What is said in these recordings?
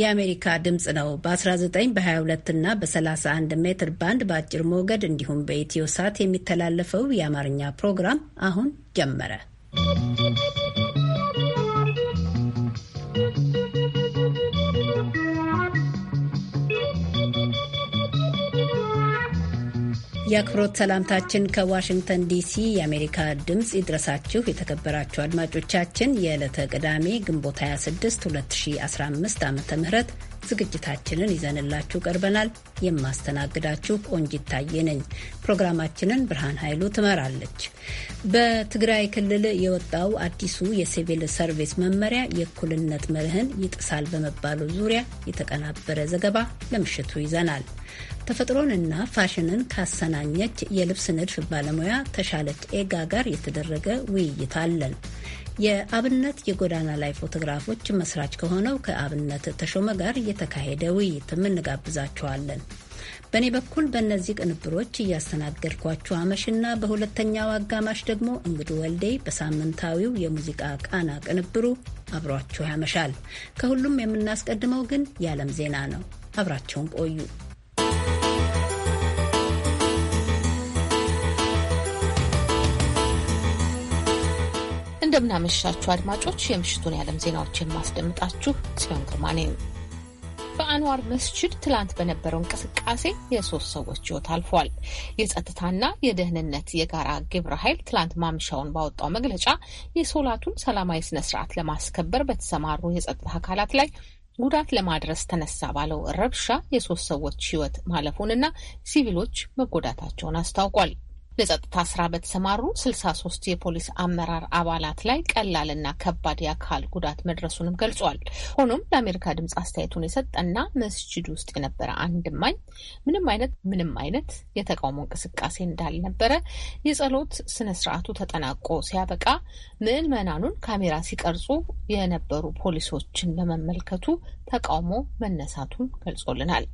የአሜሪካ ድምፅ ነው። በ19 በ22 እና በ31 ሜትር ባንድ በአጭር ሞገድ እንዲሁም በኢትዮ ሳት የሚተላለፈው የአማርኛ ፕሮግራም አሁን ጀመረ። የአክብሮት ሰላምታችን ከዋሽንግተን ዲሲ የአሜሪካ ድምፅ ይድረሳችሁ። የተከበራችሁ አድማጮቻችን የዕለተ ቅዳሜ ግንቦት 26 2015 ዓ ም ዝግጅታችንን ይዘንላችሁ ቀርበናል። የማስተናግዳችሁ ቆንጂት ታዬ ነኝ። ፕሮግራማችንን ብርሃን ኃይሉ ትመራለች። በትግራይ ክልል የወጣው አዲሱ የሲቪል ሰርቪስ መመሪያ የእኩልነት መርህን ይጥሳል በመባሉ ዙሪያ የተቀናበረ ዘገባ ለምሽቱ ይዘናል። ተፈጥሮንና ፋሽንን ካሰናኘች የልብስ ንድፍ ባለሙያ ተሻለች ኤጋ ጋር የተደረገ ውይይት አለን። የአብነት የጎዳና ላይ ፎቶግራፎች መስራች ከሆነው ከአብነት ተሾመ ጋር እየተካሄደ ውይይትም እንጋብዛችኋለን። በእኔ በኩል በእነዚህ ቅንብሮች እያስተናገድኳችሁ አመሽና በሁለተኛው አጋማሽ ደግሞ እንግዱ ወልዴ በሳምንታዊው የሙዚቃ ቃና ቅንብሩ አብሯችሁ ያመሻል። ከሁሉም የምናስቀድመው ግን የዓለም ዜና ነው። አብራቸውን ቆዩ። እንደምናመሻችሁ አድማጮች፣ የምሽቱን የዓለም ዜናዎች የማስደምጣችሁ ጽዮን ግርማ ነኝ። በአንዋር መስጅድ ትላንት በነበረው እንቅስቃሴ የሶስት ሰዎች ህይወት አልፏል። የጸጥታና የደህንነት የጋራ ግብረ ኃይል ትላንት ማምሻውን ባወጣው መግለጫ የሶላቱን ሰላማዊ ስነስርዓት ለማስከበር በተሰማሩ የጸጥታ አካላት ላይ ጉዳት ለማድረስ ተነሳ ባለው ረብሻ የሶስት ሰዎች ህይወት ማለፉንና ሲቪሎች መጎዳታቸውን አስታውቋል። ለጸጥታ ስራ በተሰማሩ ስልሳ ሶስት የፖሊስ አመራር አባላት ላይ ቀላልና ከባድ የአካል ጉዳት መድረሱንም ገልጿል። ሆኖም ለአሜሪካ ድምጽ አስተያየቱን የሰጠና መስጅድ ውስጥ የነበረ አንድ እማኝ ምንም አይነት ምንም አይነት የተቃውሞ እንቅስቃሴ እንዳልነበረ የጸሎት ስነ ስርዓቱ ተጠናቆ ሲያበቃ ምዕመናኑን ካሜራ ሲቀርጹ የነበሩ ፖሊሶችን በመመልከቱ ተቃውሞ መነሳቱን ገልጾልናል።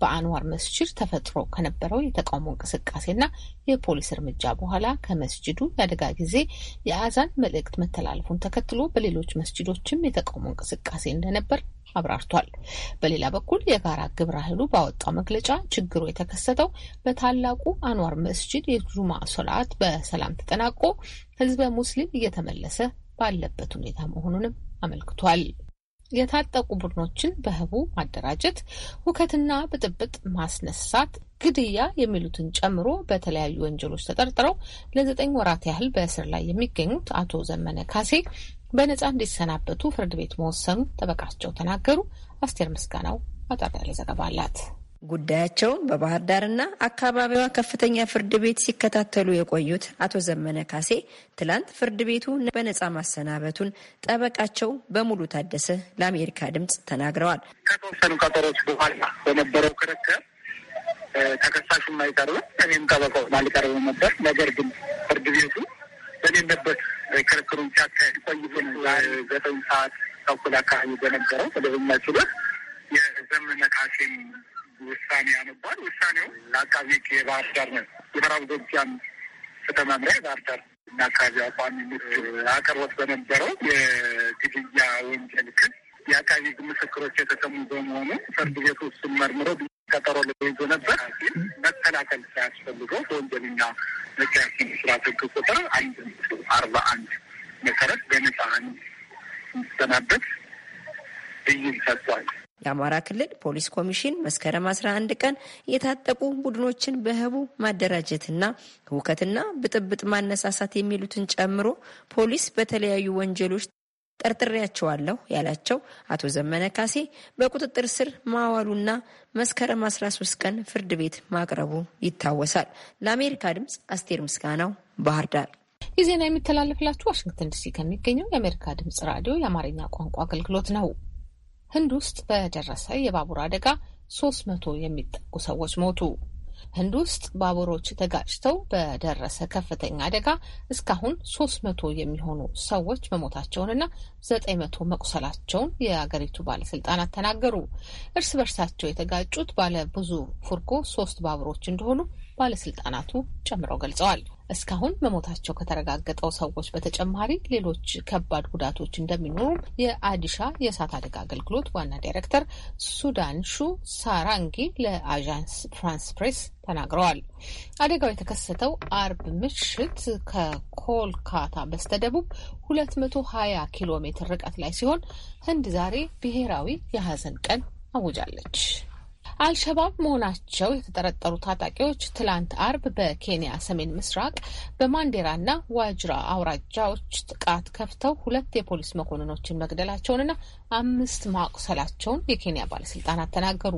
በአንዋር መስጅድ ተፈጥሮ ከነበረው የተቃውሞ እንቅስቃሴና የፖሊስ እርምጃ በኋላ ከመስጅዱ የአደጋ ጊዜ የአዛን መልእክት መተላለፉን ተከትሎ በሌሎች መስጅዶችም የተቃውሞ እንቅስቃሴ እንደነበር አብራርቷል። በሌላ በኩል የጋራ ግብረ ኃይሉ ባወጣው መግለጫ ችግሩ የተከሰተው በታላቁ አንዋር መስጅድ የጁማ ሶላት በሰላም ተጠናቆ ህዝበ ሙስሊም እየተመለሰ ባለበት ሁኔታ መሆኑንም አመልክቷል። የታጠቁ ቡድኖችን በህቡ ማደራጀት፣ ሁከትና ብጥብጥ ማስነሳት፣ ግድያ የሚሉትን ጨምሮ በተለያዩ ወንጀሎች ተጠርጥረው ለዘጠኝ ወራት ያህል በእስር ላይ የሚገኙት አቶ ዘመነ ካሴ በነጻ እንዲሰናበቱ ፍርድ ቤት መወሰኑ ጠበቃቸው ተናገሩ። አስቴር ምስጋናው አጠር ያለ ዘገባ አላት። ጉዳያቸውን በባህር ዳርና አካባቢዋ ከፍተኛ ፍርድ ቤት ሲከታተሉ የቆዩት አቶ ዘመነ ካሴ ትላንት ፍርድ ቤቱ በነጻ ማሰናበቱን ጠበቃቸው በሙሉ ታደሰ ለአሜሪካ ድምፅ ተናግረዋል። ከተወሰኑ ቀጠሮች በኋላ በነበረው ክርክር ተከሳሽ የማይቀርብም እኔም ጠበቃው ማልቀርብ ነበር። ነገር ግን ፍርድ ቤቱ በሌለበት ክርክሩን ሲያካሄድ ቆይቶን ዘጠኝ ሰዓት ተኩል አካባቢ በነበረው መደበኛ ችሎት የዘመነ ካሴን ውሳኔ ያነባል። ውሳኔው ለአቃቤ ሕግ የባህር ዳር ነው የምዕራብ ጎጃም ፍትህ መምሪያ የባህር ዳር እና አካባቢ አቋሚ ምት አቅርቦት በነበረው የግድያ ወንጀል ክስ የአቃቤ ሕግ ምስክሮች የተሰሙ በመሆኑ ፍርድ ቤቱ እሱን መርምሮ ቀጠሮ ለይዞ ነበር። ግን መከላከል ሳያስፈልገው በወንጀልና መቅጫችን ስርዓት ሕግ ቁጥር አንድ አርባ አንድ መሰረት በነፃ እንዲሰናበት ብይን ሰጥቷል። የአማራ ክልል ፖሊስ ኮሚሽን መስከረም 11 ቀን የታጠቁ ቡድኖችን በህቡ ማደራጀትና ውከትና ብጥብጥ ማነሳሳት የሚሉትን ጨምሮ ፖሊስ በተለያዩ ወንጀሎች ጠርጥሬያቸዋለሁ ያላቸው አቶ ዘመነ ካሴ በቁጥጥር ስር ማዋሉና መስከረም 13 ቀን ፍርድ ቤት ማቅረቡ ይታወሳል። ለአሜሪካ ድምፅ አስቴር ምስጋናው ባህር ዳር። ይህ ዜና የሚተላለፍላችሁ ዋሽንግተን ዲሲ ከሚገኘው የአሜሪካ ድምፅ ራዲዮ የአማርኛ ቋንቋ አገልግሎት ነው። ህንድ ውስጥ በደረሰ የባቡር አደጋ ሶስት መቶ የሚጠጉ ሰዎች ሞቱ። ህንድ ውስጥ ባቡሮች ተጋጭተው በደረሰ ከፍተኛ አደጋ እስካሁን ሶስት መቶ የሚሆኑ ሰዎች መሞታቸውንና ዘጠኝ መቶ መቁሰላቸውን የአገሪቱ ባለስልጣናት ተናገሩ። እርስ በርሳቸው የተጋጩት ባለ ብዙ ፉርጎ ሶስት ባቡሮች እንደሆኑ ባለስልጣናቱ ጨምረው ገልጸዋል። እስካሁን መሞታቸው ከተረጋገጠው ሰዎች በተጨማሪ ሌሎች ከባድ ጉዳቶች እንደሚኖሩም የአዲሻ የእሳት አደጋ አገልግሎት ዋና ዳይሬክተር ሱዳንሹ ሳራንጊ ለአዣንስ ፍራንስ ፕሬስ ተናግረዋል። አደጋው የተከሰተው አርብ ምሽት ከኮልካታ በስተደቡብ 220 ኪሎ ሜትር ርቀት ላይ ሲሆን ህንድ ዛሬ ብሔራዊ የሀዘን ቀን አውጃለች። አልሸባብ መሆናቸው የተጠረጠሩ ታጣቂዎች ትላንት አርብ በኬንያ ሰሜን ምስራቅ በማንዴራና ዋጅራ አውራጃዎች ጥቃት ከፍተው ሁለት የፖሊስ መኮንኖችን መግደላቸውንና አምስት ማቁሰላቸውን የኬንያ ባለስልጣናት ተናገሩ።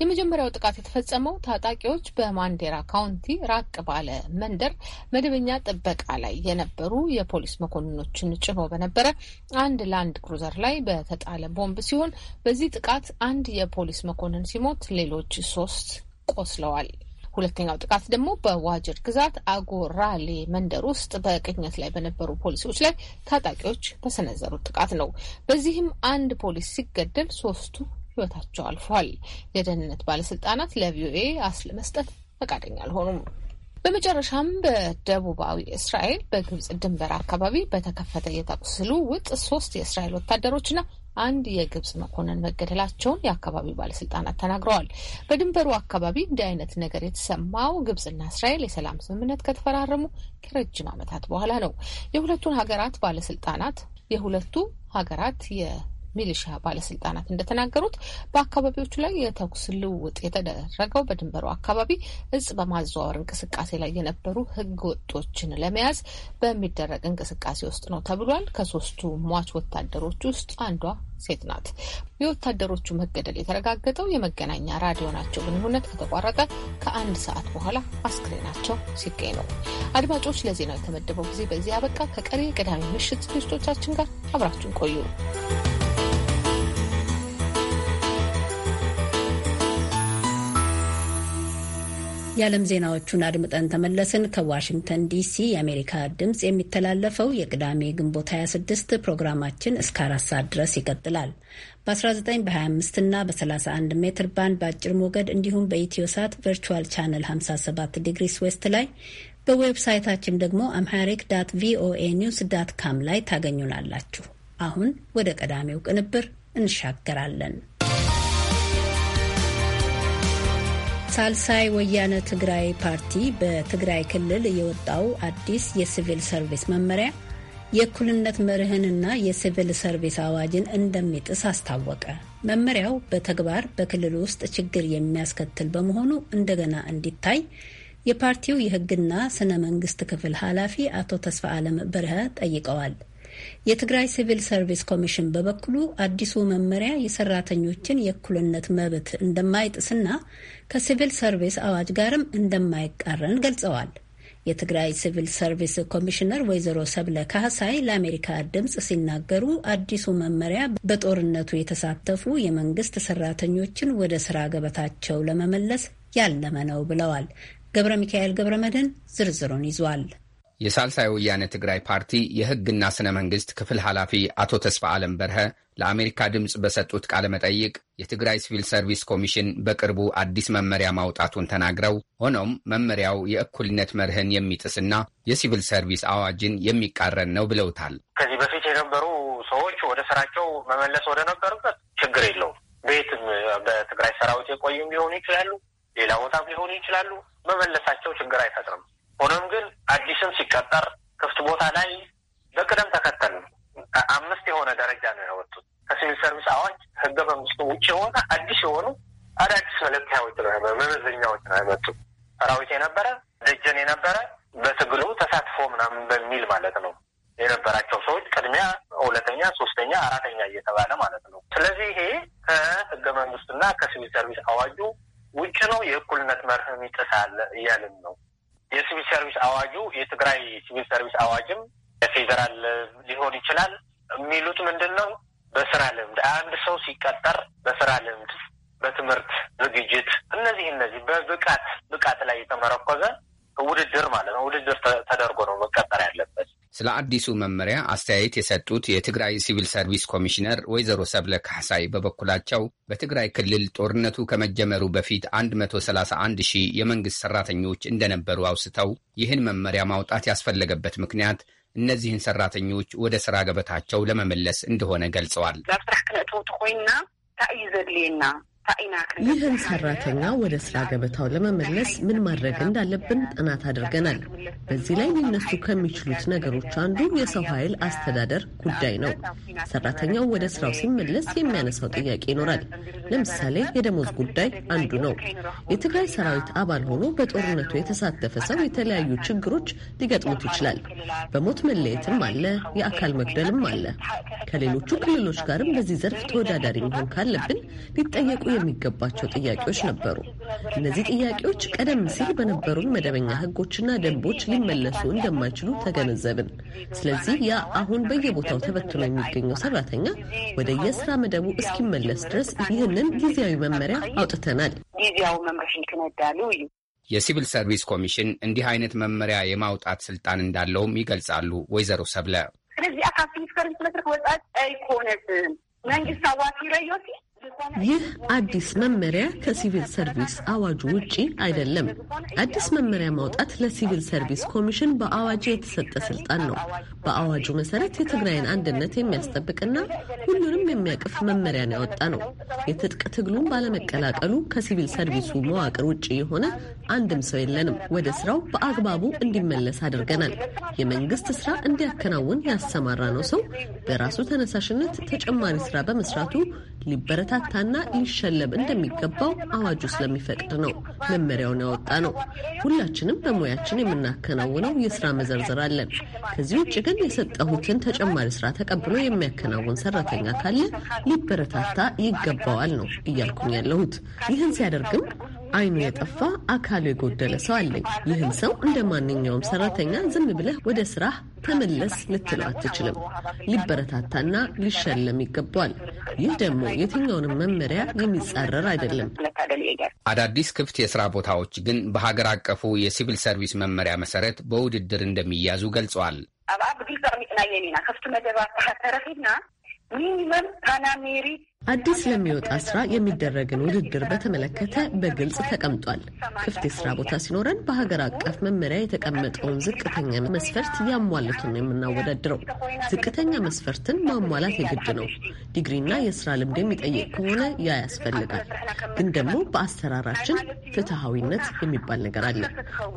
የመጀመሪያው ጥቃት የተፈጸመው ታጣቂዎች በማንዴራ ካውንቲ ራቅ ባለ መንደር መደበኛ ጥበቃ ላይ የነበሩ የፖሊስ መኮንኖችን ጭኖ በነበረ አንድ ላንድ ክሩዘር ላይ በተጣለ ቦምብ ሲሆን በዚህ ጥቃት አንድ የፖሊስ መኮንን ሲሞት ሌሎች ሶስት ቆስለዋል። ሁለተኛው ጥቃት ደግሞ በዋጅር ግዛት አጎራሌ መንደር ውስጥ በቅኝት ላይ በነበሩ ፖሊሲዎች ላይ ታጣቂዎች በሰነዘሩት ጥቃት ነው። በዚህም አንድ ፖሊስ ሲገደል ሶስቱ ህይወታቸው አልፏል። የደህንነት ባለስልጣናት ለቪኦኤ መስጠት ፈቃደኛ አልሆኑም። በመጨረሻም በደቡባዊ እስራኤል በግብጽ ድንበር አካባቢ በተከፈተ የተኩስ ልውውጥ ሶስት የእስራኤል ወታደሮችና አንድ የግብጽ መኮንን መገደላቸውን የአካባቢው ባለስልጣናት ተናግረዋል። በድንበሩ አካባቢ እንዲህ አይነት ነገር የተሰማው ግብጽና እስራኤል የሰላም ስምምነት ከተፈራረሙ ከረጅም ዓመታት በኋላ ነው። የሁለቱን ሀገራት ባለስልጣናት የሁለቱ ሀገራት ሚሊሻ ባለስልጣናት እንደተናገሩት በአካባቢዎቹ ላይ የተኩስ ልውውጥ የተደረገው በድንበሩ አካባቢ እጽ በማዘዋወር እንቅስቃሴ ላይ የነበሩ ህገ ወጦችን ለመያዝ በሚደረግ እንቅስቃሴ ውስጥ ነው ተብሏል። ከሶስቱ ሟች ወታደሮች ውስጥ አንዷ ሴት ናት። የወታደሮቹ መገደል የተረጋገጠው የመገናኛ ራዲዮ ናቸው ግንኙነት ከተቋረጠ ከአንድ ሰዓት በኋላ አስክሬናቸው ሲገኝ ነው። አድማጮች፣ ለዜናው የተመደበው ጊዜ በዚህ አበቃ። ከቀሪ ቀዳሚ ምሽት ዝግጅቶቻችን ጋር አብራችሁን ቆዩ። የዓለም ዜናዎቹን አድምጠን ተመለስን። ከዋሽንግተን ዲሲ የአሜሪካ ድምፅ የሚተላለፈው የቅዳሜ ግንቦት 26 ፕሮግራማችን እስከ አራት ሰዓት ድረስ ይቀጥላል። በ19 በ25 እና በ31 ሜትር ባንድ በአጭር ሞገድ እንዲሁም በኢትዮ ሳት ቨርቹዋል ቻነል 57 ዲግሪስ ዌስት ላይ በዌብሳይታችን ደግሞ አምሐሪክ ዳት ቪኦኤ ኒውስ ዳት ካም ላይ ታገኙናላችሁ። አሁን ወደ ቀዳሚው ቅንብር እንሻገራለን። ሳልሳይ ወያነ ትግራይ ፓርቲ በትግራይ ክልል የወጣው አዲስ የሲቪል ሰርቪስ መመሪያ የእኩልነት መርህንና የሲቪል ሰርቪስ አዋጅን እንደሚጥስ አስታወቀ። መመሪያው በተግባር በክልል ውስጥ ችግር የሚያስከትል በመሆኑ እንደገና እንዲታይ የፓርቲው የሕግና ስነ መንግስት ክፍል ኃላፊ አቶ ተስፋ አለም በርሀ ጠይቀዋል። የትግራይ ሲቪል ሰርቪስ ኮሚሽን በበኩሉ አዲሱ መመሪያ የሰራተኞችን የእኩልነት መብት እንደማይጥስና ከሲቪል ሰርቪስ አዋጅ ጋርም እንደማይቃረን ገልጸዋል። የትግራይ ሲቪል ሰርቪስ ኮሚሽነር ወይዘሮ ሰብለ ካህሳይ ለአሜሪካ ድምፅ ሲናገሩ አዲሱ መመሪያ በጦርነቱ የተሳተፉ የመንግስት ሰራተኞችን ወደ ስራ ገበታቸው ለመመለስ ያለመ ነው ብለዋል። ገብረ ሚካኤል ገብረ መድህን ዝርዝሩን ይዟል። የሳልሳይ ወያነ ትግራይ ፓርቲ የሕግና ስነ መንግስት ክፍል ኃላፊ አቶ ተስፋ አለም በርሀ ለአሜሪካ ድምፅ በሰጡት ቃለ መጠይቅ የትግራይ ሲቪል ሰርቪስ ኮሚሽን በቅርቡ አዲስ መመሪያ ማውጣቱን ተናግረው ሆኖም መመሪያው የእኩልነት መርህን የሚጥስና የሲቪል ሰርቪስ አዋጅን የሚቃረን ነው ብለውታል። ከዚህ በፊት የነበሩ ሰዎች ወደ ስራቸው መመለስ ወደ ነበሩበት ችግር የለውም። ቤትም በትግራይ ሰራዊት የቆዩም ሊሆኑ ይችላሉ፣ ሌላ ቦታም ሊሆኑ ይችላሉ። መመለሳቸው ችግር አይፈጥርም። ሆኖም ግን አዲስም ሲቀጠር ክፍት ቦታ ላይ በቅደም ተከተል አምስት የሆነ ደረጃ ነው ያወጡት። ከሲቪል ሰርቪስ አዋጅ ህገ መንግስቱ ውጭ የሆነ አዲስ የሆኑ አዳዲስ መለኪያዎች ነው መመዘኛዎች ነው ያመጡት። ሰራዊት የነበረ ደጀን የነበረ በትግሉ ተሳትፎ ምናምን በሚል ማለት ነው የነበራቸው ሰዎች ቅድሚያ፣ ሁለተኛ፣ ሶስተኛ፣ አራተኛ እየተባለ ማለት ነው። ስለዚህ ይሄ ከህገ መንግስቱና ከሲቪል ሰርቪስ አዋጁ ውጭ ነው፣ የእኩልነት መርህም ይጥሳል እያልን ነው። የሲቪል ሰርቪስ አዋጁ የትግራይ ሲቪል ሰርቪስ አዋጅም ፌዴራል ሊሆን ይችላል የሚሉት ምንድን ነው? በስራ ልምድ አንድ ሰው ሲቀጠር በስራ ልምድ፣ በትምህርት ዝግጅት እነዚህ እነዚህ በብቃት ብቃት ላይ የተመረኮዘ ውድድር ማለት ነው። ውድድር ተደርጎ ነው መቀጠር ያለበት። ስለ አዲሱ መመሪያ አስተያየት የሰጡት የትግራይ ሲቪል ሰርቪስ ኮሚሽነር ወይዘሮ ሰብለ ካሕሳይ በበኩላቸው በትግራይ ክልል ጦርነቱ ከመጀመሩ በፊት 131 ሺህ የመንግሥት ሠራተኞች እንደነበሩ አውስተው ይህን መመሪያ ማውጣት ያስፈለገበት ምክንያት እነዚህን ሠራተኞች ወደ ሥራ ገበታቸው ለመመለስ እንደሆነ ገልጸዋል። ናብ ስራሕ ክነእትውቲ ኮይንና እንታይ እዩ ዘድልየና ይህን ሰራተኛ ወደ ስራ ገበታው ለመመለስ ምን ማድረግ እንዳለብን ጥናት አድርገናል። በዚህ ላይ ሊነሱ ከሚችሉት ነገሮች አንዱ የሰው ኃይል አስተዳደር ጉዳይ ነው። ሰራተኛው ወደ ስራው ሲመለስ የሚያነሳው ጥያቄ ይኖራል። ለምሳሌ የደሞዝ ጉዳይ አንዱ ነው። የትግራይ ሰራዊት አባል ሆኖ በጦርነቱ የተሳተፈ ሰው የተለያዩ ችግሮች ሊገጥሙት ይችላል። በሞት መለየትም አለ፣ የአካል መግደልም አለ። ከሌሎቹ ክልሎች ጋርም በዚህ ዘርፍ ተወዳዳሪ መሆን ካለብን ሊጠየቁ የሚገባቸው ጥያቄዎች ነበሩ። እነዚህ ጥያቄዎች ቀደም ሲል በነበሩን መደበኛ ህጎችና ደንቦች ሊመለሱ እንደማይችሉ ተገነዘብን። ስለዚህ ያ አሁን በየቦታው ተበትኖ የሚገኘው ሰራተኛ ወደ የስራ መደቡ እስኪመለስ ድረስ ይህንን ጊዜያዊ መመሪያ አውጥተናል። ጊዜያዊ የሲቪል ሰርቪስ ኮሚሽን እንዲህ አይነት መመሪያ የማውጣት ስልጣን እንዳለውም ይገልጻሉ ወይዘሮ ሰብለ ስለዚህ አካብ ሰርቪስ መስርክ ወፃ መንግስት አዋሲ ረዮሲ ይህ አዲስ መመሪያ ከሲቪል ሰርቪስ አዋጁ ውጪ አይደለም። አዲስ መመሪያ ማውጣት ለሲቪል ሰርቪስ ኮሚሽን በአዋጅ የተሰጠ ስልጣን ነው። በአዋጁ መሰረት የትግራይን አንድነት የሚያስጠብቅና ሁሉንም የሚያቅፍ መመሪያን ያወጣ ነው። የትጥቅ ትግሉን ባለመቀላቀሉ ከሲቪል ሰርቪሱ መዋቅር ውጪ የሆነ አንድም ሰው የለንም። ወደ ስራው በአግባቡ እንዲመለስ አድርገናል። የመንግስት ስራ እንዲያከናውን ያሰማራ ነው ሰው በራሱ ተነሳሽነት ተጨማሪ ስራ በመስራቱ ሊበረታ ሊበረታታና ሊሸለም እንደሚገባው አዋጁ ስለሚፈቅድ ነው መመሪያውን ያወጣ ነው። ሁላችንም በሙያችን የምናከናውነው የስራ መዘርዘር አለን። ከዚህ ውጭ ግን የሰጠሁትን ተጨማሪ ስራ ተቀብሎ የሚያከናውን ሰራተኛ ካለ ሊበረታታ ይገባዋል ነው እያልኩኝ ያለሁት። ይህን ሲያደርግም አይኑ የጠፋ አካሉ የጎደለ ሰው አለኝ። ይህን ሰው እንደ ማንኛውም ሰራተኛ ዝም ብለህ ወደ ስራ ተመለስ ልትለው አትችልም። ሊበረታታና ሊሸለም ይገባዋል። ይህ ደግሞ የትኛውንም መመሪያ የሚጻረር አይደለም። አዳዲስ ክፍት የስራ ቦታዎች ግን በሀገር አቀፉ የሲቪል ሰርቪስ መመሪያ መሰረት በውድድር እንደሚያዙ ገልጸዋል። ሚኒመም አዲስ ለሚወጣ ስራ የሚደረግን ውድድር በተመለከተ በግልጽ ተቀምጧል። ክፍት የስራ ቦታ ሲኖረን በሀገር አቀፍ መመሪያ የተቀመጠውን ዝቅተኛ መስፈርት ያሟሉትን ነው የምናወዳድረው። ዝቅተኛ መስፈርትን ማሟላት የግድ ነው። ዲግሪና የስራ ልምድ የሚጠይቅ ከሆነ ያ ያስፈልጋል። ግን ደግሞ በአሰራራችን ፍትሐዊነት የሚባል ነገር አለ።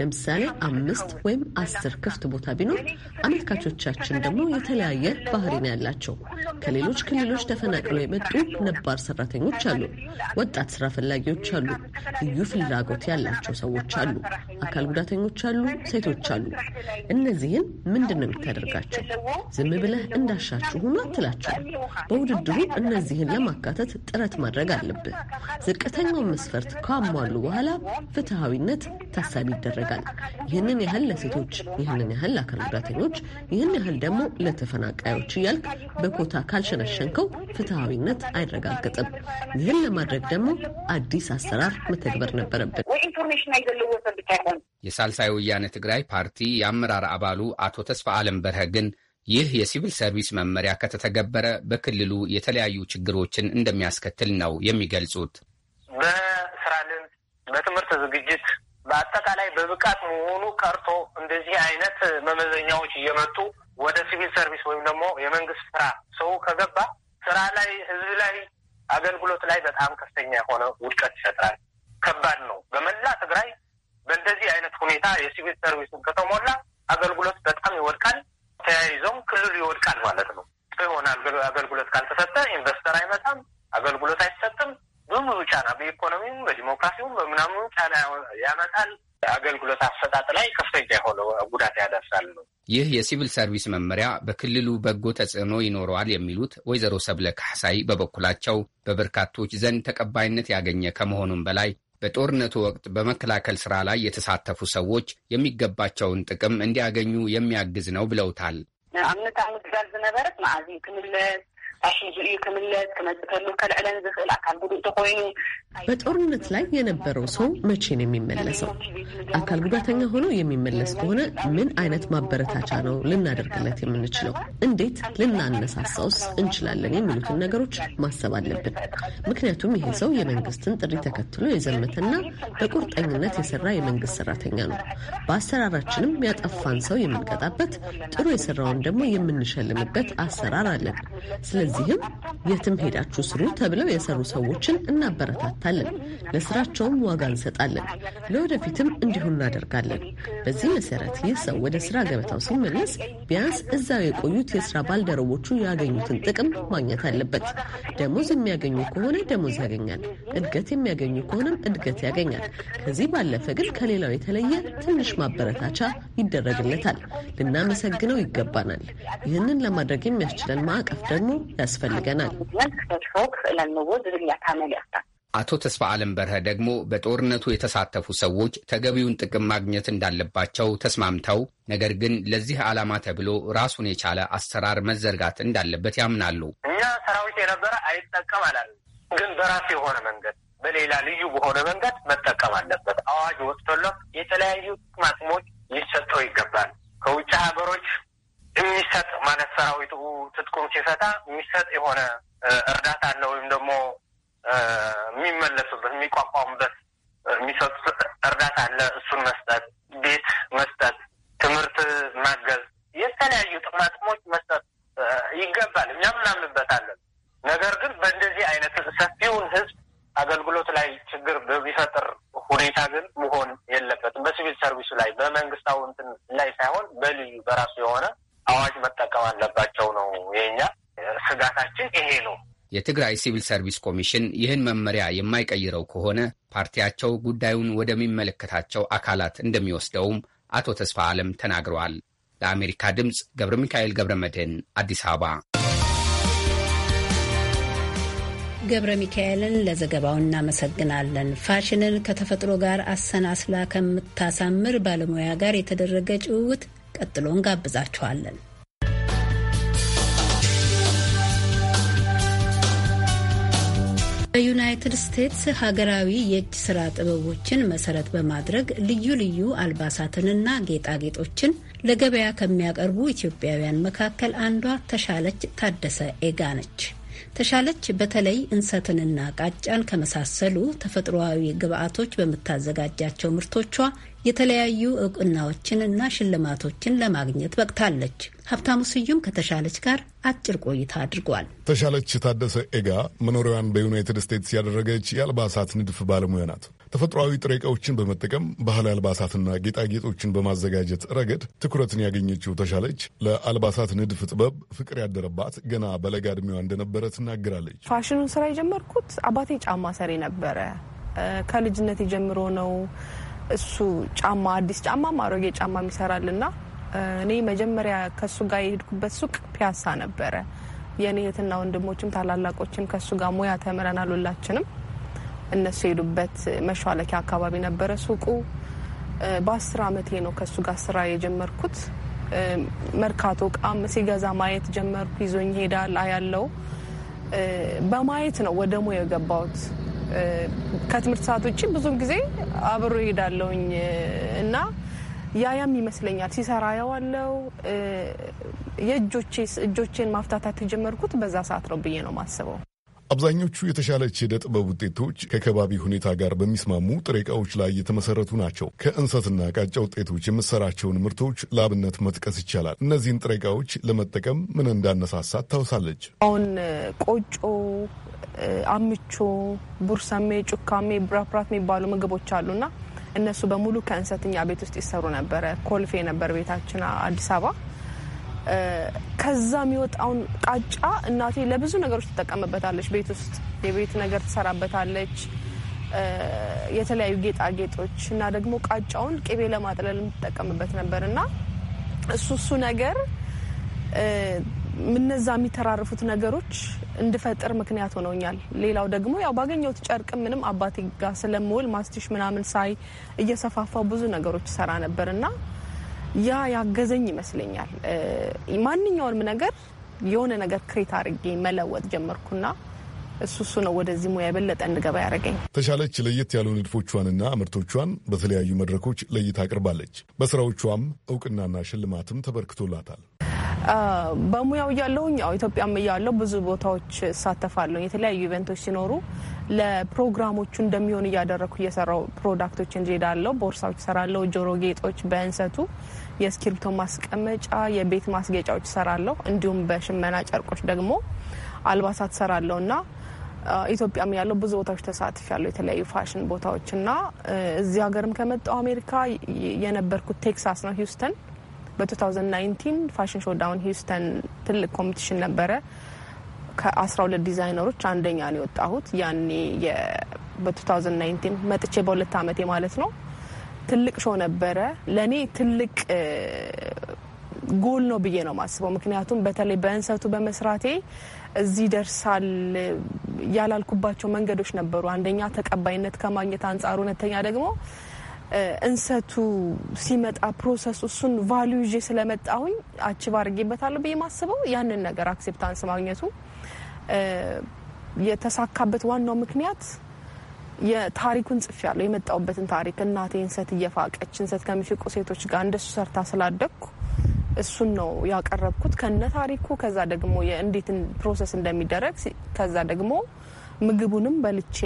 ለምሳሌ አምስት ወይም አስር ክፍት ቦታ ቢኖር፣ አመልካቾቻችን ደግሞ የተለያየ ባህሪ ነው ያላቸው። ከሌሎች ክልሎች ተፈናቅለው የመጡ ነባር ሰራተኞች አሉ፣ ወጣት ስራ ፈላጊዎች አሉ፣ ልዩ ፍላጎት ያላቸው ሰዎች አሉ፣ አካል ጉዳተኞች አሉ፣ ሴቶች አሉ። እነዚህን ምንድን ነው የምታደርጋቸው? ዝም ብለህ እንዳሻችሁም አትላቸው። በውድድሩ እነዚህን ለማካተት ጥረት ማድረግ አለብህ። ዝቅተኛውን መስፈርት ካሟሉ በኋላ ፍትሐዊነት ታሳቢ ይደረጋል። ይህንን ያህል ለሴቶች፣ ይህንን ያህል ለአካል ጉዳተኞች፣ ይህን ያህል ደግሞ ለተፈናቃዮች እያልክ በኮታ ካልሸነሸንከው ፍትሐዊነት አይ አይረጋገጥም። ይህን ለማድረግ ደግሞ አዲስ አሰራር መተግበር ነበረብን። የሳልሳይ ወያነ ትግራይ ፓርቲ የአመራር አባሉ አቶ ተስፋ አለም በርሀ ግን ይህ የሲቪል ሰርቪስ መመሪያ ከተተገበረ በክልሉ የተለያዩ ችግሮችን እንደሚያስከትል ነው የሚገልጹት። በስራ ልምድ፣ በትምህርት ዝግጅት፣ በአጠቃላይ በብቃት መሆኑ ቀርቶ እንደዚህ አይነት መመዘኛዎች እየመጡ ወደ ሲቪል ሰርቪስ ወይም ደግሞ የመንግስት ስራ ሰው ከገባ ስራ ላይ፣ ህዝብ ላይ፣ አገልግሎት ላይ በጣም ከፍተኛ የሆነ ውድቀት ይፈጥራል። ከባድ ነው። በመላ ትግራይ በእንደዚህ አይነት ሁኔታ የሲቪል ሰርቪሱ ከተሞላ አገልግሎት በጣም ይወድቃል። ተያይዞም ክልሉ ይወድቃል ማለት ነው። የሆነ አገልግሎት ካልተሰጠ ኢንቨስተር አይመጣም፣ አገልግሎት አይሰጥም። ብዙ ጫና በኢኮኖሚውም፣ በዲሞክራሲውም፣ በምናምኑ ጫና ያመጣል። አገልግሎት አሰጣጥ ላይ ከፍተኛ የሆነ ጉዳት ያደርሳል ነው። ይህ የሲቪል ሰርቪስ መመሪያ በክልሉ በጎ ተጽዕኖ ይኖረዋል የሚሉት ወይዘሮ ሰብለ ካሕሳይ በበኩላቸው በበርካቶች ዘንድ ተቀባይነት ያገኘ ከመሆኑም በላይ በጦርነቱ ወቅት በመከላከል ስራ ላይ የተሳተፉ ሰዎች የሚገባቸውን ጥቅም እንዲያገኙ የሚያግዝ ነው ብለውታል። አምነት ነታ ዝነበረት ማዚ እዩ እዩ ክምለስ ከልዕለን ዝኽእል በጦርነት ላይ የነበረው ሰው መቼ ነው የሚመለሰው? አካል ጉዳተኛ ሆኖ የሚመለስ ከሆነ ምን አይነት ማበረታቻ ነው ልናደርግለት የምንችለው? እንዴት ልናነሳሳውስ እንችላለን? የሚሉትን ነገሮች ማሰብ አለብን። ምክንያቱም ይሄ ሰው የመንግስትን ጥሪ ተከትሎ የዘመተና በቁርጠኝነት የሰራ የመንግስት ሰራተኛ ነው። በአሰራራችንም ያጠፋን ሰው የምንቀጣበት ጥሩ የሰራውን ደግሞ የምንሸልምበት አሰራር አለን። ስለዚህ ስለዚህም የትም ሄዳችሁ ስሩ ተብለው የሰሩ ሰዎችን እናበረታታለን፣ ለስራቸውም ዋጋ እንሰጣለን። ለወደፊትም እንዲሁ እናደርጋለን። በዚህ መሰረት ይህ ሰው ወደ ስራ ገበታው ሲመለስ ቢያንስ እዛው የቆዩት የስራ ባልደረቦቹ ያገኙትን ጥቅም ማግኘት አለበት። ደሞዝ የሚያገኙ ከሆነ ደሞዝ ያገኛል። እድገት የሚያገኙ ከሆነም እድገት ያገኛል። ከዚህ ባለፈ ግን ከሌላው የተለየ ትንሽ ማበረታቻ ይደረግለታል። ልናመሰግነው ይገባናል። ይህንን ለማድረግ የሚያስችለን ማዕቀፍ ደግሞ ያስፈልገናል። አቶ ተስፋ አለም በርሀ ደግሞ በጦርነቱ የተሳተፉ ሰዎች ተገቢውን ጥቅም ማግኘት እንዳለባቸው ተስማምተው፣ ነገር ግን ለዚህ ዓላማ ተብሎ ራሱን የቻለ አሰራር መዘርጋት እንዳለበት ያምናሉ። እኛ ሰራዊት የነበረ አይጠቀም አላለም፣ ግን በራሱ የሆነ መንገድ በሌላ ልዩ በሆነ መንገድ መጠቀም አለበት። አዋጅ ወጥቶለት የተለያዩ ጥቅማ ሊሰጠው ይገባል። ከውጭ ሀገሮች የሚሰጥ ማለት ሰራዊቱ ትጥቁም ሲፈታ የሚሰጥ የሆነ እርዳታ አለ ወይም ደግሞ የሚመለሱበት የሚቋቋሙበት የሚሰጡት እርዳታ አለ። እሱን መስጠት፣ ቤት መስጠት፣ ትምህርት ማገዝ፣ የተለያዩ ጥቅማጥቅሞች መስጠት ይገባል። እኛም እናምንበታለን። ነገር ግን በእንደዚህ አይነት ሰፊውን ህዝብ አገልግሎት ላይ ችግር በሚፈጥር ሁኔታ ግን መሆን የለበትም። በሲቪል ሰርቪሱ ላይ በመንግስት አውንትን ላይ ሳይሆን በልዩ በራሱ የሆነ አዋጅ መጠቀም አለባቸው ነው የኛ ስጋታችን ይሄ ነው። የትግራይ ሲቪል ሰርቪስ ኮሚሽን ይህን መመሪያ የማይቀይረው ከሆነ ፓርቲያቸው ጉዳዩን ወደሚመለከታቸው አካላት እንደሚወስደውም አቶ ተስፋ አለም ተናግረዋል። ለአሜሪካ ድምፅ ገብረ ሚካኤል ገብረ መድህን አዲስ አበባ። ገብረ ሚካኤልን ለዘገባው እናመሰግናለን። ፋሽንን ከተፈጥሮ ጋር አሰናስላ ከምታሳምር ባለሙያ ጋር የተደረገ ጭውውት ቀጥሎ እንጋብዛችኋለን። በዩናይትድ ስቴትስ ሀገራዊ የእጅ ስራ ጥበቦችን መሰረት በማድረግ ልዩ ልዩ አልባሳትንና ጌጣጌጦችን ለገበያ ከሚያቀርቡ ኢትዮጵያውያን መካከል አንዷ ተሻለች ታደሰ ኤጋ ነች። ተሻለች በተለይ እንሰትንና ቃጫን ከመሳሰሉ ተፈጥሮዊ ግብዓቶች በምታዘጋጃቸው ምርቶቿ የተለያዩ እና ሽልማቶችን ለማግኘት በቅታለች። ሀብታሙ ስዩም ከተሻለች ጋር አጭር ቆይታ አድርጓል። ተሻለች ታደሰ ኤጋ መኖሪያዋን በዩናይትድ ስቴትስ ያደረገች የአልባሳት ንድፍ ባለሙያ ናት። ተፈጥሯዊ ጥሬ ዕቃዎችን በመጠቀም ባህል አልባሳትና ጌጣጌጦችን በማዘጋጀት ረገድ ትኩረትን ያገኘችው ተሻለች ለአልባሳት ንድፍ ጥበብ ፍቅር ያደረባት ገና በለጋ እድሜዋ እንደነበረ ትናገራለች። ፋሽኑን ስራ የጀመርኩት አባቴ ጫማ ሰሪ ነበረ። ከልጅነት የጀምሮ ነው እሱ ጫማ አዲስ ጫማ አሮጌ ጫማ ይሰራልና እኔ መጀመሪያ ከእሱ ጋር የሄድኩበት ሱቅ ፒያሳ ነበረ። የእኔ እህትና ወንድሞችም ታላላቆችም ከእሱ ጋር ሙያ ተምረናል ሁላችንም። እነሱ የሄዱበት መሿለኪያ አካባቢ ነበረ ሱቁ። በአስር አመቴ ነው ከእሱ ጋር ስራ የጀመርኩት። መርካቶ እቃም ሲገዛ ማየት ጀመርኩ። ይዞኝ ይሄዳል ያለው በማየት ነው ወደ ሙያ የገባሁት። ከትምህርት ሰዓት ውጭ ብዙም ጊዜ አብሮ ይሄዳለውኝ እና ያያም ይመስለኛል ሲሰራ ያዋለው እጆቼን ማፍታታት የጀመርኩት በዛ ሰዓት ነው ብዬ ነው ማስበው። አብዛኞቹ የተሻለች የዕደ ጥበብ ውጤቶች ከከባቢ ሁኔታ ጋር በሚስማሙ ጥሬ ዕቃዎች ላይ የተመሰረቱ ናቸው። ከእንሰትና ቃጫ ውጤቶች የምትሰራቸውን ምርቶች ለአብነት መጥቀስ ይቻላል። እነዚህን ጥሬ ዕቃዎች ለመጠቀም ምን እንዳነሳሳት ታውሳለች። አሁን ቆጮ፣ አምቾ፣ ቡርሰሜ፣ ጩካሜ፣ ብራፕራት የሚባሉ ምግቦች አሉና እነሱ በሙሉ ከእንሰትኛ ቤት ውስጥ ይሰሩ ነበረ። ኮልፌ ነበር ቤታችን አዲስ አበባ ከዛ የሚወጣውን ቃጫ እናቴ ለብዙ ነገሮች ትጠቀምበታለች። ቤት ውስጥ የቤት ነገር ትሰራበታለች፣ የተለያዩ ጌጣጌጦች እና ደግሞ ቃጫውን ቅቤ ለማጥለል የምትጠቀምበት ነበር እና እሱ እሱ ነገር እነዛ የሚተራርፉት ነገሮች እንድፈጥር ምክንያት ሆነውኛል። ሌላው ደግሞ ያው ባገኘሁት ጨርቅ ምንም አባቴ ጋር ስለምውል ማስቲሽ ምናምን ሳይ እየሰፋፋው ብዙ ነገሮች ሰራ ነበር እና ያ ያገዘኝ ይመስለኛል። ማንኛውንም ነገር የሆነ ነገር ክሬት አድርጌ መለወጥ ጀመርኩና እሱ እሱ ነው ወደዚህ ሙያ የበለጠ እንድገባ ያደረገኝ። ተሻለች ለየት ያሉ ንድፎቿንና ምርቶቿን በተለያዩ መድረኮች ለይታ አቅርባለች። በስራዎቿም እውቅናና ሽልማትም ተበርክቶላታል። በሙያው እያለሁኝ ያው ኢትዮጵያም እያለሁ ብዙ ቦታዎች እሳተፋለሁ። የተለያዩ ኢቨንቶች ሲኖሩ ለፕሮግራሞቹ እንደሚሆን እያደረግኩ እየሰራው ፕሮዳክቶች እንሄዳለሁ፣ ቦርሳዎች እሰራለሁ፣ ጆሮ ጌጦች በእንሰቱ የእስክሪብቶ ማስቀመጫ፣ የቤት ማስጌጫዎች ሰራለሁ። እንዲሁም በሽመና ጨርቆች ደግሞ አልባሳት ሰራለሁ እና ኢትዮጵያም ያለው ብዙ ቦታዎች ተሳትፍ ያለው የተለያዩ ፋሽን ቦታዎች እና እዚህ ሀገርም ከመጣው አሜሪካ የነበርኩት ቴክሳስ ነው ሂውስተን በ2019 ፋሽን ሾዳውን ሂውስተን ትልቅ ኮምፒቲሽን ነበረ። ከ12 ዲዛይነሮች አንደኛ ነው የወጣሁት ያኔ በ2019 መጥቼ በሁለት አመቴ ማለት ነው። ትልቅ ሾው ነበረ። ለእኔ ትልቅ ጎል ነው ብዬ ነው የማስበው። ምክንያቱም በተለይ በእንሰቱ በመስራቴ እዚህ ደርሳል ያላልኩባቸው መንገዶች ነበሩ። አንደኛ ተቀባይነት ከማግኘት አንጻር፣ ሁለተኛ ደግሞ እንሰቱ ሲመጣ ፕሮሰስ እሱን ቫሉ ይዤ ስለመጣሁኝ አችቭ አድርጌበታለሁ ብዬ ማስበው ያንን ነገር አክሴፕታንስ ማግኘቱ የተሳካበት ዋናው ምክንያት የታሪኩን ጽፍ ያለው የመጣውበትን ታሪክ እናቴ እንሰት እየፋቀች እንሰት ከሚፍቁ ሴቶች ጋር እንደሱ ሰርታ ስላደግኩ እሱን ነው ያቀረብኩት ከነ ታሪኩ። ከዛ ደግሞ እንዴት ፕሮሰስ እንደሚደረግ ከዛ ደግሞ ምግቡንም በልቼ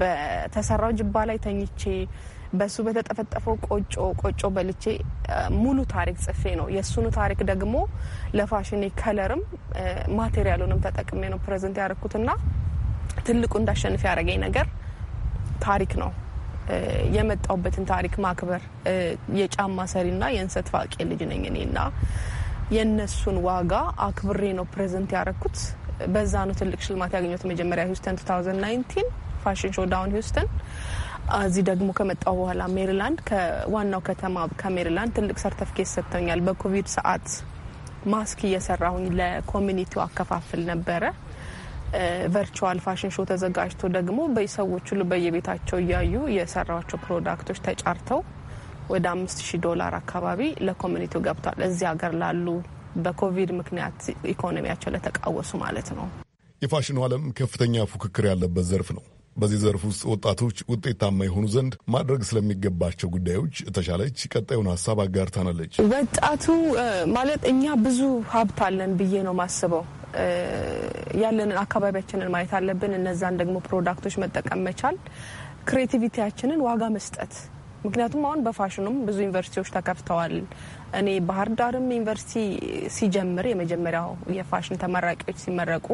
በተሰራው ጅባ ላይ ተኝቼ በሱ በተጠፈጠፈው ቆጮ ቆጮ በልቼ ሙሉ ታሪክ ጽፌ ነው። የእሱኑ ታሪክ ደግሞ ለፋሽኔ ከለርም ማቴሪያሉንም ተጠቅሜ ነው ፕሬዘንት ያደረግኩትና ትልቁ እንዳሸንፍ ያደረገኝ ነገር ታሪክ ነው። የመጣውበትን ታሪክ ማክበር የጫማ ሰሪና የእንሰት ፋቄ ልጅ ነኝ እኔና የእነሱን ዋጋ አክብሬ ነው ፕሬዘንት ያረኩት። በዛ ነው ትልቅ ሽልማት ያገኘሁት። መጀመሪያ ሂውስተን 2019 ፋሽን ሾ ዳውን ሂውስተን። እዚህ ደግሞ ከመጣው በኋላ ሜሪላንድ ከዋናው ከተማ ከሜሪላንድ ትልቅ ሰርተፍኬት ሰጥተውኛል። በኮቪድ ሰዓት ማስክ እየሰራሁኝ ለኮሚኒቲው አከፋፍል ነበረ። ቨርቹዋል ፋሽን ሾው ተዘጋጅቶ ደግሞ በሰዎች ሁሉ በየቤታቸው እያዩ የሰራቸው ፕሮዳክቶች ተጫርተው ወደ አምስት ሺህ ዶላር አካባቢ ለኮሚኒቲው ገብቷል። እዚህ ሀገር ላሉ በኮቪድ ምክንያት ኢኮኖሚያቸው ለተቃወሱ ማለት ነው። የፋሽኑ ዓለም ከፍተኛ ፉክክር ያለበት ዘርፍ ነው። በዚህ ዘርፍ ውስጥ ወጣቶች ውጤታማ የሆኑ ዘንድ ማድረግ ስለሚገባቸው ጉዳዮች ተሻለች ቀጣዩን ሀሳብ አጋርታናለች። ወጣቱ ማለት እኛ ብዙ ሀብት አለን ብዬ ነው ማስበው ያለንን አካባቢያችንን ማየት አለብን። እነዛን ደግሞ ፕሮዳክቶች መጠቀም መቻል፣ ክሬቲቪቲያችንን ዋጋ መስጠት። ምክንያቱም አሁን በፋሽኑም ብዙ ዩኒቨርሲቲዎች ተከፍተዋል። እኔ ባህር ዳርም ዩኒቨርሲቲ ሲጀምር የመጀመሪያው የፋሽን ተመራቂዎች ሲመረቁ